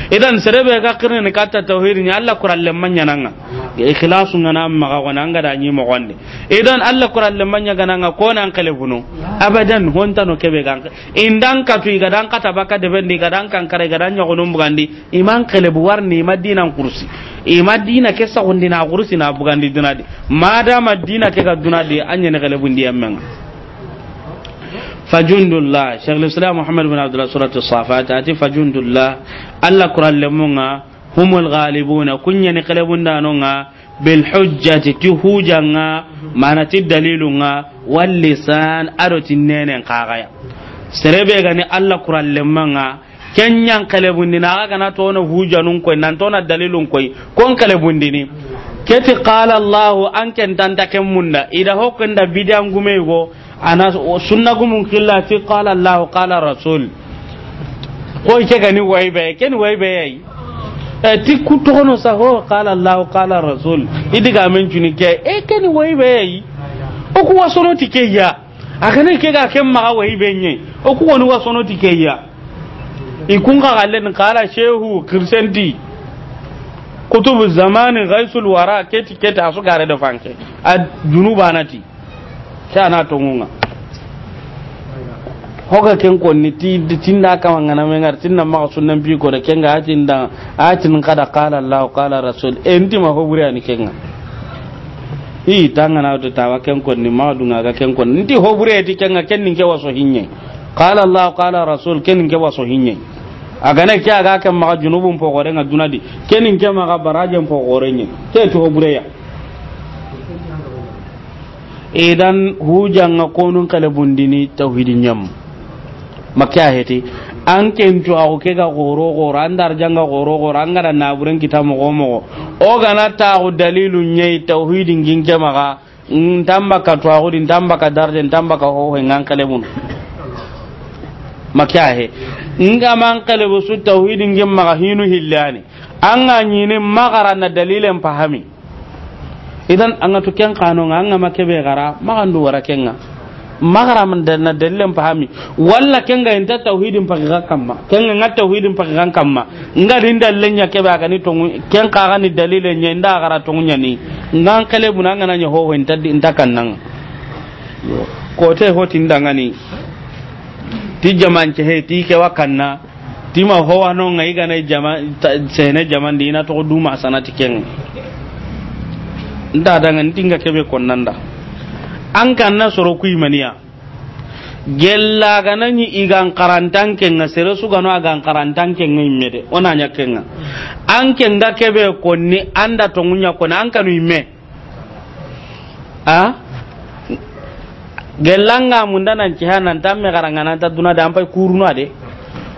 idan serebe ga kirni ni katta tauhid ni Allah kural lemanya nanga ikhlasu nga na maga wana nga da mo gonde idan Allah kural lemanya ga ko nan qalebuno abadan honta no kebe ga indan ka tu ga dan kata baka de bendi ga dan kan kare ga dan nyago num bugandi iman qalebu warni madinan kursi imadina ke sa gondina kursi na bugandi dunadi madama dina ke ga dunadi anya ne di fajundulla shekhul islam muhammad bin abdullah surat safat ati fajundulla alla kuran lemunga humul ghalibuna kunya ni qalebun danunga bil hujjati ti hujanga mana ti dalilunga wal lisan aroti nenen qaqaya serebe gani alla kuran lemunga kenyan qalebun dina aga na tono hujanun koy nan tono dalilun koy kon qalebun dini keti qala allah anken tanta kemunda ida hokenda bidangu meego ana sunna gumun killati qala allah qala rasul ko ke gani wai be ken wai be yayi e ti ku to no sa ho qala allah qala rasul idiga men juni ke e ken wai be yayi o ku wasono ti ke ya akane ke ga ken ma wai bai nye o ku woni wasono ti ke ya ikun ka galen qala shehu kirsenti kutubu zamani ghaisul wara keti keti asu gare da fanke a junuba ti. sai na tungunga hoga ken konni ni ti tinda kama ngana mengar tinna ma sunnan bi ko da ken ga tinda atin kada qala allah qala rasul enti ma ho buri ani kenga i tanga na to tawa ken konni ma dunga ga ken konni ndi ho buri ti kenga ken ni waso hinye qala allah qala rasul ken ninke waso hinye aga ne kya ga kan ma junubun po gore ngaduna di ken ninke ma ga barajen po gore nye te to ho buri ya idan hujanga konun kala bundini tauhidin yam makya heti an kencu a ke ga horo horo an darjanga horo horo an gada naburen kita mako-mako o gana hu dalilun nye tauhidin ginke maga ntamba ka twaxudi ntamba ka darje ntamba ka hohe an kalebun makya he nga man kalebu su tauhidin gin maka hinu hillani an ga nyine makara na dalilin fahami idan anga to ken kano make be gara ma magandu wara kenga magara man da na dalilin fahami walla kenga inta tauhidin fa ga kamma kenga ngat tauhidin fa ga kamma nga rin dalilin ya ba ga ni to ken ka ga ni dalilin ya inda gara to nya ni ngan kale buna ngana nya ho inta inta nan ko te ho tin da ngani ti jaman ce he ti ke wa wakanna ti ma ho wa no ngai ga na jaman ne jaman dina to du ma sanati kenga nda danga ndinga kebe kon nanda an kan na soro ku imaniya gella ni igan karantan na sere su no agan karantan ngi mede ona nya nga an kenga kebe kon ni anda tongunya kon an kanu ime a gellanga mun nan ci hanan tamme garanga nan ta duna da ampai kuruna de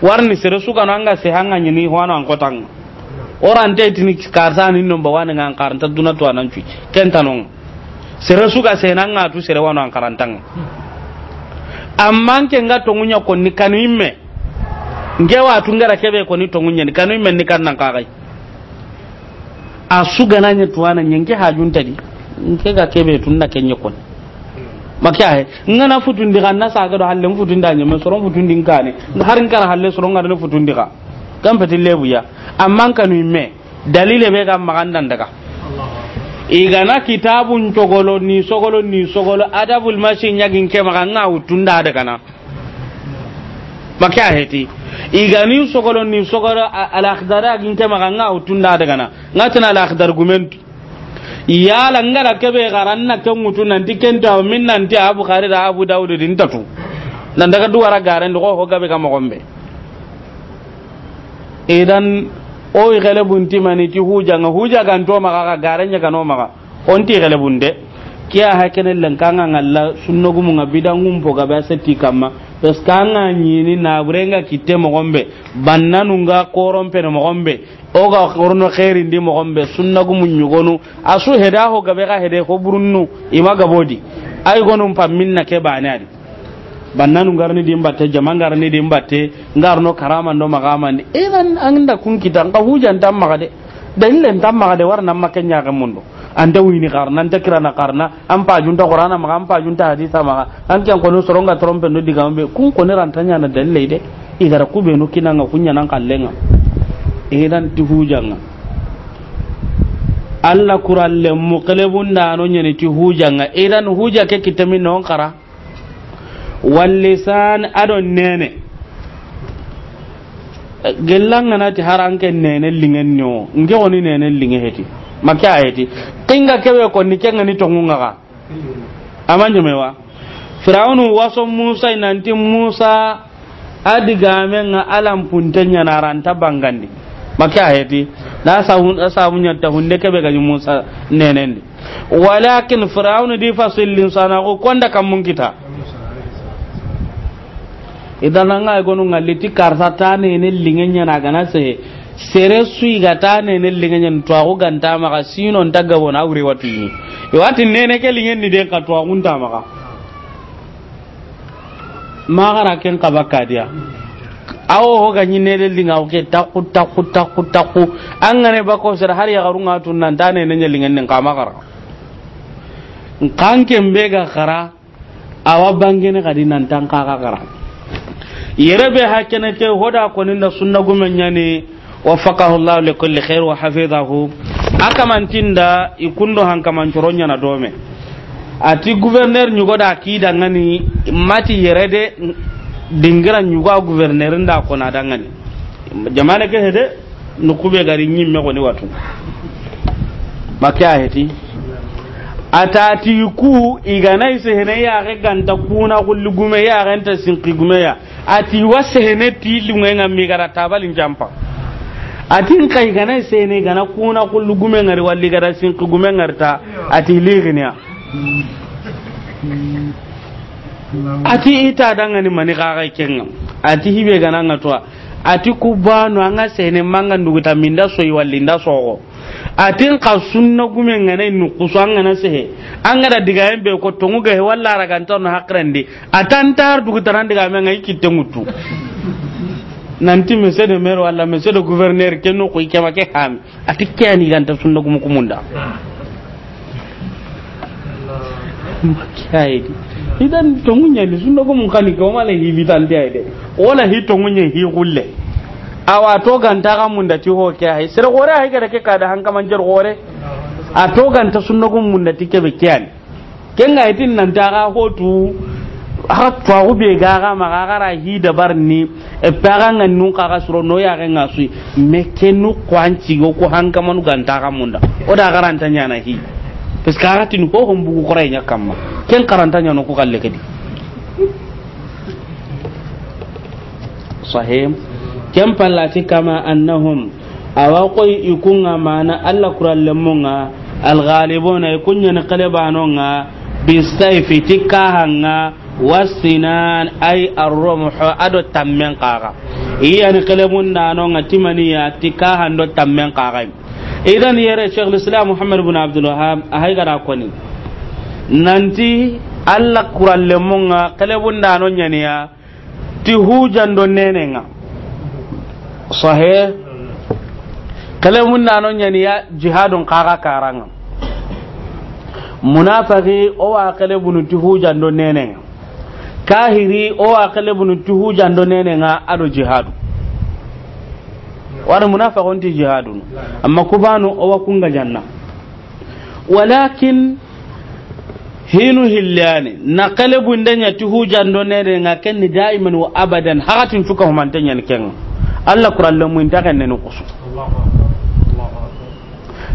warni sere su no anga se hanga ni ho an kotanga orante tini karsani nomba wani ngan karanta duna nan anan cuy kentanon sere suka sena nga tu sere wano an karantanga amman ke nga tongunya ko ni kanu imme nge wa tu ngara kebe ko ni tongunya ni kanu imme ni kan nan kagai a suga na nya tuwana nyenke hajun tadi nke ga kebe tun na kenye kon makya he nga na futundi kan na saga do halle futun da nya me soron harin kara kane har ngara halle soron ngara futun diga kan fati lebu ya amma kan yi me dalile be ga magandan daga igana kitabun cogolo ni sogolo ni sogolo adabul mashi nyagin ke maka nga utunda daga na maka heti igani sogolo ni sogolo al akhdara gin ke maka nga utunda daga na ngatana al akhdar gumentu yala ngara kebe garanna ke mutun nan diken ta min nan ti abu kharira abu daud din tatu nan daga duwara garan ko ho gabe kama gombe idan o xele bunti mani ti hujanga hujaganto maxa xa gare ñagano maxa onti xele bunde ke a xa kene lengkanga ngalla sunnogumunga bidangum poga be a setti kamma parce que anga ñini naɓurenga kitte moxon ɓe bannanunga koronpene moxon ɓe oga xorno xerindi moxon ɓe sunnagumu ñugonu a su hede a xo gabe xa hede ko ɓurunnu ima gabodi ay gonum pamminna ke baane adi bannanu ngarni din batte jama ngarni din batte ngarno karama ndo magamani idan an da kun kita ka hujan tan maga de dalilen tan maga de warna makanya ga mundo anda wini karna anda kirana karna an pa junta qur'ana maga an pa junta hadisa maga an kan kono soronga trompe ndo diga mbe kun kono rantanya na dalile de igara kube no nga kunya nan kallenga idan ti hujanga alla kurallen muqlebun da no nyani ti hujanga idan huja ke kitamin non kara wallisan adon nene gellan na ti haran nene lingen nyo nge woni nene linge heti makya heti tinga kewe ko ni kenga ni tongunga ga amanyo mewa fir'aunu waso musa nanti musa adigame nga alam puntenya naranta bangandi makya heti da sahun sahun yatta hunde kebe ga musa nene nenen walakin fir'aunu di fasillin sana ko konda kam mun kita idan an ga gonu ngalli ti karsa ta ne ne lingenya na gana se sere sui ga ta ne ne lingenya to ago ganta ma ga sino daga bona wure watu ni e watin ne ne ke lingen ni den ka to agun ta ma ga ma gara ken ka baka dia awo ho ga ni ne linga ke taku taku taku taku an ngare ba ko sar har ya garunga tun nan ta ne ne lingen nin ka ma gara kan ken be kara awa bangene kadi nan tan ka ka gara yerebe be hakene ke hoda konin na sunna gumen yani waffaqahu Allah li kulli khair wa hafizahu tinda ikundo man coronya na dome ati gouverneur nyugo da kida ngani mati yerede de dingira nyugo gouverneur nda kona dangani ngani jamana ke hede kube gari nyimme ko ni watu makya heti atati ku igana ise hene ya ganta kuna kulli gume ya ganta ta sinqi gume ya ati wa sehene ti lungenga migara tabalin jampa atin kai gana sene gana kuna kullu gumen ngari walli gara sin gumen ngarta ati ligniya ati ita dangani mani kakai kenga ati hibe gana ngatwa ati kubano anga sene manga nduguta minda soyi walli nda sogo atin ka sunna gume ngane nu kusan ngana sehe an gada diga yambe ko tongu ga walla raganta no hakrande atan tar dugu taran diga me ngai kitte ngutu nanti monsieur de maire walla monsieur de gouverneur kenno ko ikema ke ham ati kani ganta sunna gumu kumunda kai idan tongunya ni sunna gumu kani ko mala hi bitan dia ide wala hi tongunya hi gulle awa to ganta ga da tiho ke ai sir gore ai gare ke kada han kaman jar gore a to ganta sunna gun mun da tike ke be ken ga itin nan ta ga hotu ha to go be ga ga ma ga ga ra hi da bar ni e pa ga ngan nun ka ga suro no ya ga nga sui me ke nu kwanci go ko hankaman kaman ganta kan mun da o da garanta nya na hi pes ka ga tin ko hon bu ko rai nya ma ken karanta nya no ko kalle di sahim ken pallati kama annahum awa koy ikunga mana alla kurallemunga alghalibuna ikunyani qalebanonga bisayfi tikahanga wasinan ay arromho ado tammen kaga iyani qalemun nanonga timaniya tikahando tammen kaga idan yere sheikh lislam muhammad ibn abdul wahhab ahay gara koni nanti alla kurallemunga qalebun nanon nyaniya ti hujando nenenga sahe kale mun nanon yani ya jihadun qaga karang munafiqi o wa kale bunu tuhu do nene kahiri o wa kale bunu tuhu do nene nga ado jihadu wara munafiqun ti jihadun amma kubanu o wa kunga janna walakin hinu hillani na kale nya tuhu jando nene nga kenni daiman wa abadan hakatin cuka humantanya ni kenga alla kurallo mun ta kan ne kusu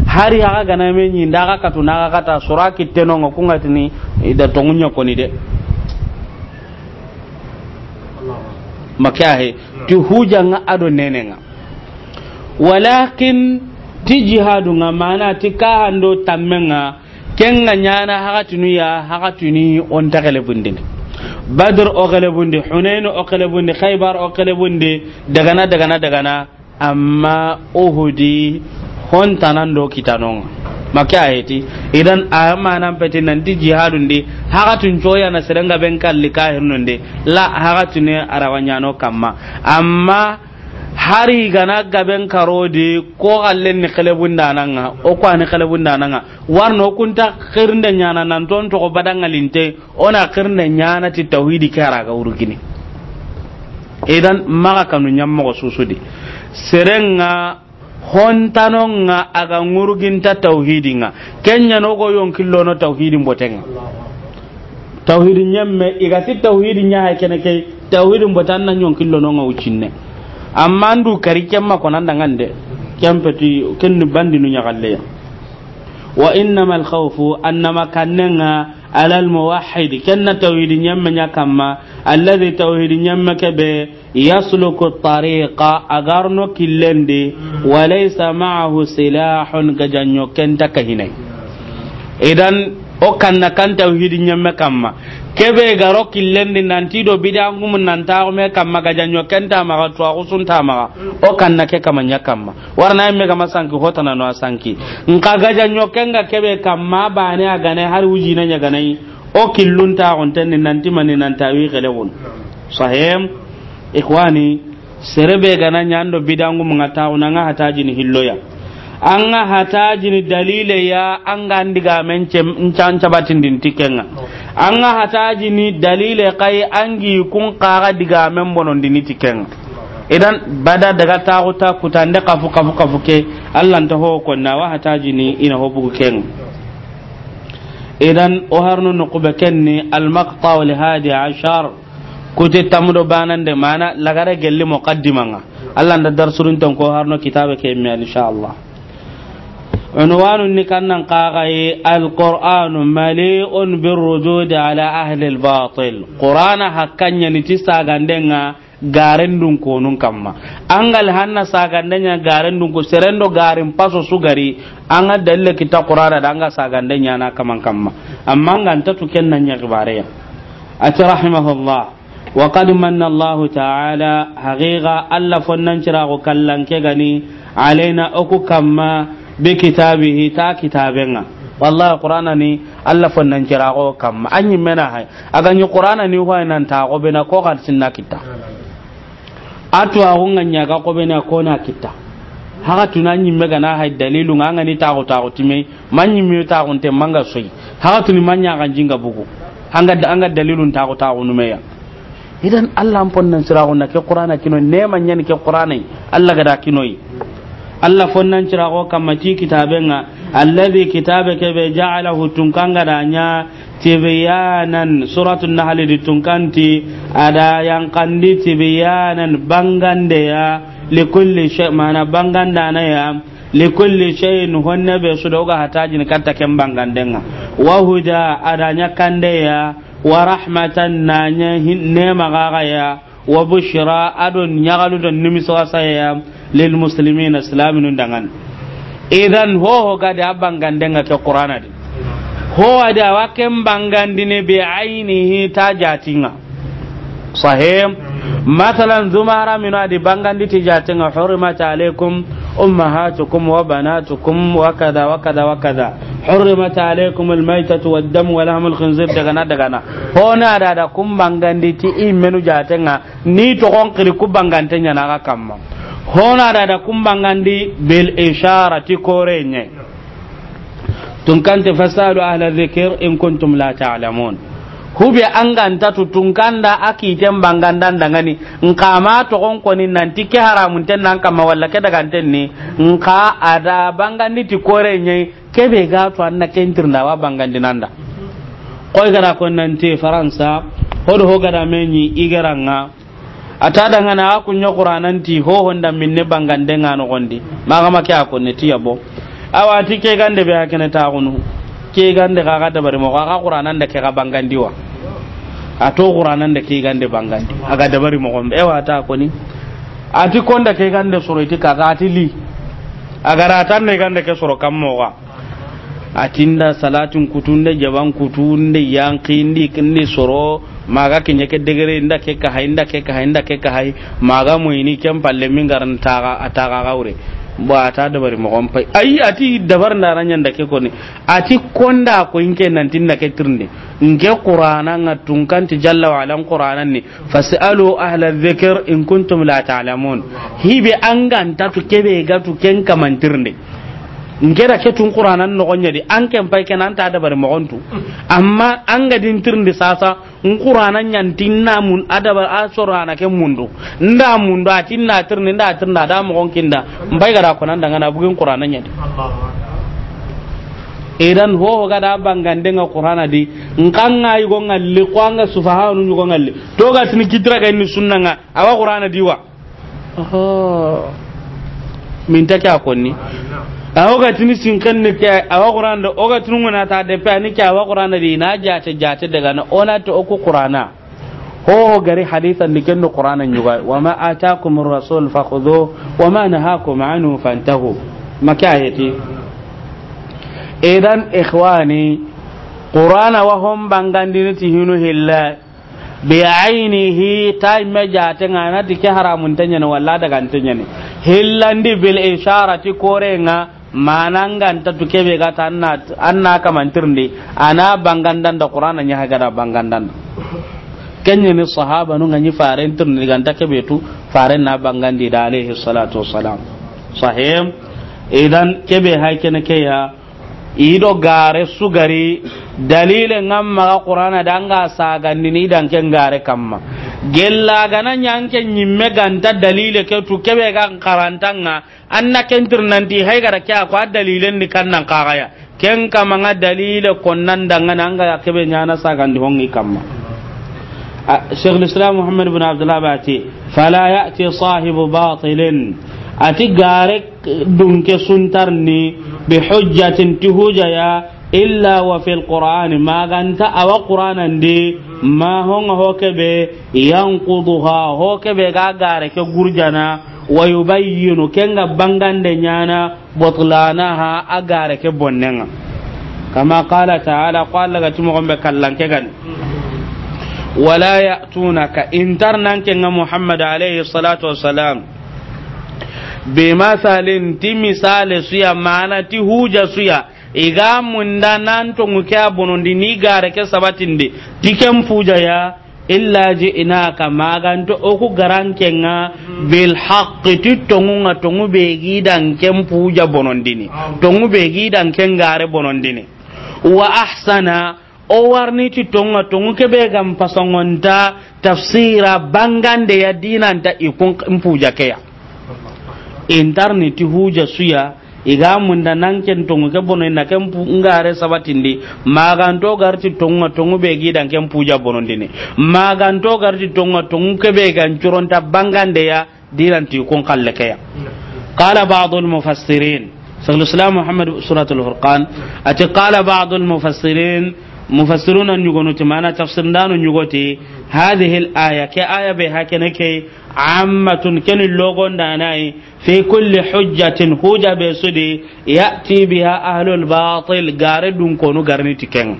hari aga gana me nyi ndaga katu naga kata suraki teno ngo kunga ni ida tongunya koni de makyahe ti huja nga ado nene nga walakin ti jihadu nga mana ti kahando tamme nga kenga nyana hakatinu ya hakatinu on takale bundini badr o qalabundi hunayn o qalabundi khaybar o qalabundi dagana dagana dagana amma uhudi tanan do kitanonga maki ayeti idan amanan nan di jihadun di hakatun coya na serenga ben kalli kahirnun di la arawanya no kamma amma hari gana gaben karo de ko kallen ni kale bunda nan ga o ko ni kale bunda nan ga warno kun ta khirnde nyana nan ton to ko badanga linte ona khirnde nyana ti tawhidi kara ga urugini idan maka kanu nyammo ko susudi serenga hontanonga aga ngurugin ta tawhidi nga kenya no go yon killo no tawhidi mbotenga tawhidi nyamme igati tawhidi nyaa kene kay tawhidi mbotanna nyon killo no nga uchinne amma ndu kari de konan dangande ken ni bandi nu ñagalleya wa innama alkhawfu annama kannenga ala almuwahid kenna tawhidi ñemme ña kamma alladi tawhidi ñemme keɓe yasluku tariqa agarno wa laysa maahu silahun gajanyo ken takahine idan o kanna kan tawhid ñemme kamma kebe garo killendi nanti do bidan ngum nan ta me kam maga janyo kenta maga to a sun ta maga o kan na ke nya kamma warna me kam sanki hota na no sanki in ka ga janyo kenga kebe ba bane a gane har wuji na nya gane o killun ta on tan nanti man nan ta wi gele won sahem ikhwani serebe gana nyando bidan gumun ta unanga hataji ni hilloya an ga jini dalile ya an ga ndiga men can cabatin din tikenga an ga jini dalile kai an gi kun qara diga men bonon din tikenga idan bada daga taxu ta kutande kafu kafu kafu ke allah ta ho na wa jini ina ho bugu ken idan o harnu nuqube kenni li hadi ashar kute tamudo banande mana lagare gelli muqaddimanga allah dar surun ton ko harno kitabe ke mi allah عنوان نكنا قاغي القرآن مليء بالردود على أهل الباطل قرآن هكذا نتسا غندنا garen dun konun kamma an gal hanna sagandanya garen dun ko serendo garin paso sugari an ga dalle kita qur'ana da an ga sagandanya na kaman kamma amma ngan ta tuken nan ya ya ati rahimahullah wa qad manna allah ta'ala haqiqa alla fonnan cira ko kallan ke gani alaina uku kamma bi kitabihi ta kitabenga wallahi qur'ana ni alla fannan kira ko kam anyi mena hay ni qur'ana ni ho nan bena ko kan sinna kita atu a hunga nya ga ko bena ko na kita haka tunanyi mega na hay dalilu nganga ni ta ko ta ko time manyi mi ta ko te manga soyi haka tuni manya kan jinga buku anga anga dalilun ta ko ta ko numeya idan allah an ponnan sira na ke Quraana kino ne manyan ke qur'ana allah ga da allah fonnan cirago kamma ti kitabenga alladhi kitabe kebe ja'alahu tunkanga danya tibiyanan suratul nahl di tunkanti ada yang kandi tibiyanan bangande ya likulli shay mana banganda na ya likulli shay'in honna be su doga hataji ne katta ken bangandenga wa huda adanya kande ya wa rahmatan nanya ne ya wa bushra adon nyagalu don nimi sawasa lil muslimin islamin dangan idan ho ho ga da bangandenga ke qur'ana di ho ada wa ken bangandine bi ainihi ta jatinga sahim matalan zumara min adi bangandi ti jatinga hurimat alaikum ummahatukum wa banatukum wa kada wa kada wa kada hurrimat alaikum almaytatu waddam wa lahmul khinzir daga na daga na ho na da da kum bangandi ti imenu jatenga ni to kon kiri ku bangantenya na kamma hona da da kumbangandi bil isharati korenye tun fasalu ahla zikir in kuntum la ta'lamun hube an ganta tunkanda kanda akiten bangandan dangani nka to konkoni nan tike haramun ten nan kama walla ke daga ten ni nka ada bangandi ti korenye kebe ga to anna kentirna wa bangandi nanda koy gara kon nan faransa hodo ho gada menyi igaranga ata daga na aku nyo qur'anan ti ho honda minne bangande no gondi maga make ako ne ti yabo awa ti ke gande be akene ta gunu ke gande ga ga dabari mo ga qur'anan da ke ga bangandi wa ato qur'anan da ke gande bangandi aga dabari mo gombe ewa ta ko ni ati konda ke gande soro ti ga ati li agara tan ne gande ke soro kam mo ga atinda salatin kutunde jaban kutunde yankindi kinni soro maga kinye ke degere inda ke ka hay inda ke ka hay inda ke ka hay maga moyini kem palle min garan taga ataga gaure bo ata da bari mo gompai ai ati dabar naranya nda ke koni ati konda ko inke nan tinda ke tirnde nge qur'ana ngatun kanti jalla wa alam qur'ana ni fasalu ahla dhikr in kuntum la ta'lamun hibe anganta to kebe gatu ken mantirnde ngera ke tun qur'ana no gonya di an kan pai kenan ta da mo gontu amma an ga din tirin di sasa un qur'ana nyan tinna mun adaba asoro ana ke mundu nda mundu a tinna tirin nda tirin da mo gon da mbai ga da nan daga na bugin qur'ana nyan idan ho ga da bangande nga qur'ana di in kan ga yi gon alli ko nga subhanu nyu go gon alli to ga tin kidra ga ni sunna nga awa qur'ana oho min ka konni awoga tini sinkan ne ke awa qur'an da oga tini ngona ta de pe ni ke awa qur'an da ina jate jate daga na ona to oku qur'ana ho gari hadisan ne ken qur'ana yuga wa ma ataakum rasul fa khudhu wa ma nahakum anhu fantahu makayati idan ikhwani qur'ana wa hum bangandini ti hinu hilla bi aynihi ta majate ngana dike haramun tanya ne walla daga tanya ne hillandi bil isharati korenga manan ganta tu kebe gata anna anna kamantirndi ana bangandan da qur'ana nya hagara bangandan kenye ni sahaba nun ganyi faren tirndi ganta ke betu faren na bangandi da alaihi salatu wassalam sahim idan kebe ke ya ido gare su gari, dalilin amma qur'ana ganni ni dan ken gare kamma gella gana nyanke nyimme ganta dalile ke tu kebe ga karantanga anna kentir nanti hay gara kya kwa dalile ni kannan kagaya ken kama nga dalile konnan danga nanga ya kebe nyana sagandi hongi kamma شيخ Islam Muhammad بن Abdullah الله fala فلا sahibu batilin ati gare dunke suntarni bi hujjatin ti ya illa wa fil ma maganta awa qur'anan de ma honga hokebe yanquduha hokebe ga gare ke gurjana wa yubayyinu kenga bangande nyana botlanaha agare ke bonnenga kama qala ta'ala qala ga tumo gombe ke gan wala ya'tunaka intarnan kenga muhammad alayhi salatu wassalam bi masalin ti misale suya mana ti huja suya iga munda nan to nguke abonondi ni gare ke sabatindi tikem puja ya illa ji ina ka maganto oku garankenga bil haqqi ti nga tongu be gidan kem puja dini. tongu be gidan ken gare dini. wa ahsana o warni ti tonga tongu be gam pasongonta tafsira bangande ya dinanta ikun puja ya intarni ti huja suya iga munda nan ken tongu ke bono na ken pu ngare sabatindi maganto garti tonga tongu be gi dan ken puja bono dini maganto garti tonga tongu ke be gan curonta bangande ya diranti kon kalle ke ya qala ba'dul mufassirin sallallahu islam muhammad suratul furqan ati qala ba'dul mufassirin mufassiruna nyugo no timana tafsir ndano nyugo ti hadhihi al aya ke aya be ke. ammatun ken logondanayi fi kulli hujjatin huja be sudi yati biha ahlul batil gare dun konu garniti ken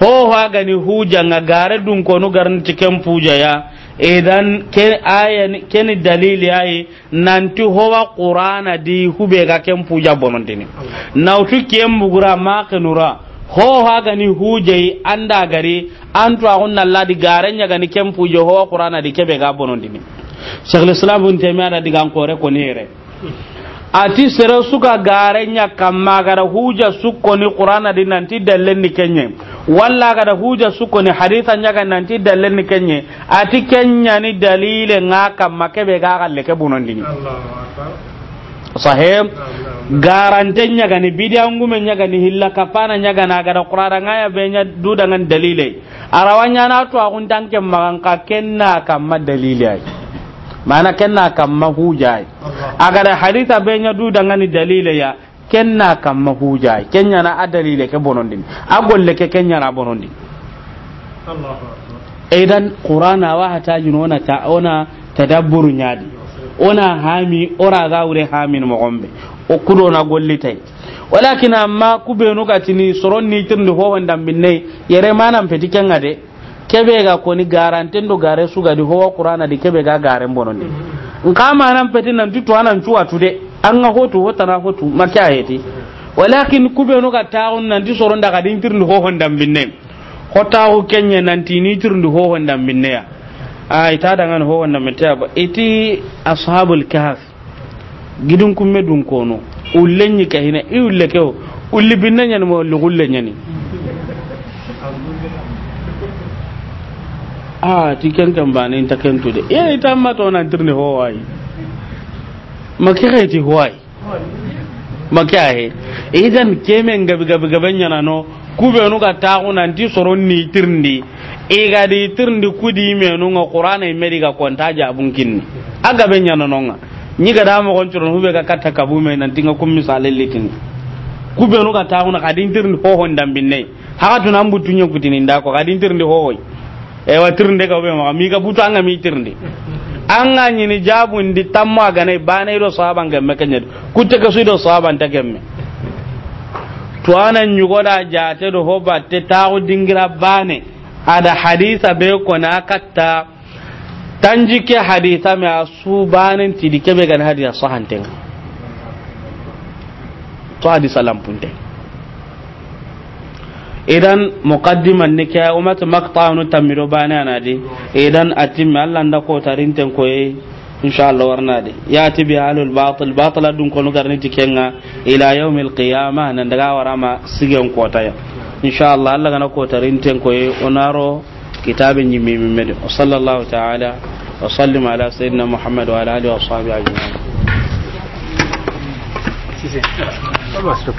ho ha gani huja nga gare dun konu garniti ken puja ya idan ken ayan ken dalili ayi nanti howa qur'ana di hube ga ken puja bonondini nautu ken bugura ma kenura ho ha gani hujai anda gari an tuwa hunna ladi garen gani ken puja ho qur'ana di kebe ga bonondini shaykhul islam ibn taymiya da digan kore ko ne re ati sere suka garenya kamma gara huja sukko ni qur'ana din nanti dallen ni kenye walla gara huja sukko ni haditha nyaga nanti dallen ni kenye ati kenya ni dalile nga kamma kebe ga galle ke bunon dini sahib garante nyaga ni bidia ngume nyaga ni hilla kapana nyaga na gara qur'ana ngaya benya dudangan dalile arawanya na to agun tanke maganka kenna kamma dalile ai mana kenna kam mahujai agara hadita benya du ni dalile ya kenna kam mahujai kenya na adalile ke bonondi agolle ke kenya na bonondi idan qur'ana wa hata junona ta ona tadabburu nyadi ona hami ora gaure hami no gombe o kudo na golli tay walakin amma kubenu gatini soronni tindu ho wanda minne yere manam fetikenga ade kebe ga koni garanten do gare su ga di ho qur'ana di kebe ga garen bonondi nka manan peti nan tutu anan cuwa tude an ga hotu hotana hotu makya heti walakin kube no ga taun nan di soron daga din tirni ho honda binne ko tawo kenye nan ti ni tirni ho honda binne ya ai ta dangan ho honda metiya ba iti ashabul kahf gidun kumme dun kono ullenyi kahina i ulle ke ulli binne nyani mo lugulle nyani a ti ken kan ba ne ta ken to de ya ita ma to na tirne ho wai makai ti ho wai makai idan kemen gabi gabi gaban yana no kube nu ka ta ku nan ti soron ni tirndi e ga di tirndi kudi me nu ga qur'ana me di ga konta ja bun kinni a gaban yana no nga ni ga da mo kon turon hube ka katta kabu me nan tinga kum misalen litin kube nu ka ta ku na ka di tirndi ho hon dambin ne haka tunan butunya kutinin da ko ka di tirndi ho ewa tirnde ka be ma mi ka butu anga mi tirnde anga ni jabu ndi tamma ga nay bane do sahaba ga me kanyad kutte ka suido sahaba ta gemme to anan nyugo da jate do hoba te tawo dingira bane ada hadisa be ko na katta tanji ke hadisa me asu banen tidike be ga hadisa sahantenga to hadisa lampuntenga idan muqaddiman ne kya umat maqta'un tamido bana nadi idan atim Allah nda ko tarinten yi insha Allah warna de ya tibi halul batil batila dun ko nugarni tikenga ila yawmil qiyamah nan daga warama sigen kota ya insha Allah Allah gana ko tarinten yi onaro kitabin yimmi mimede sallallahu ta'ala wa sallim ala sayyidina muhammad wa ala alihi wa sahbihi ajma'in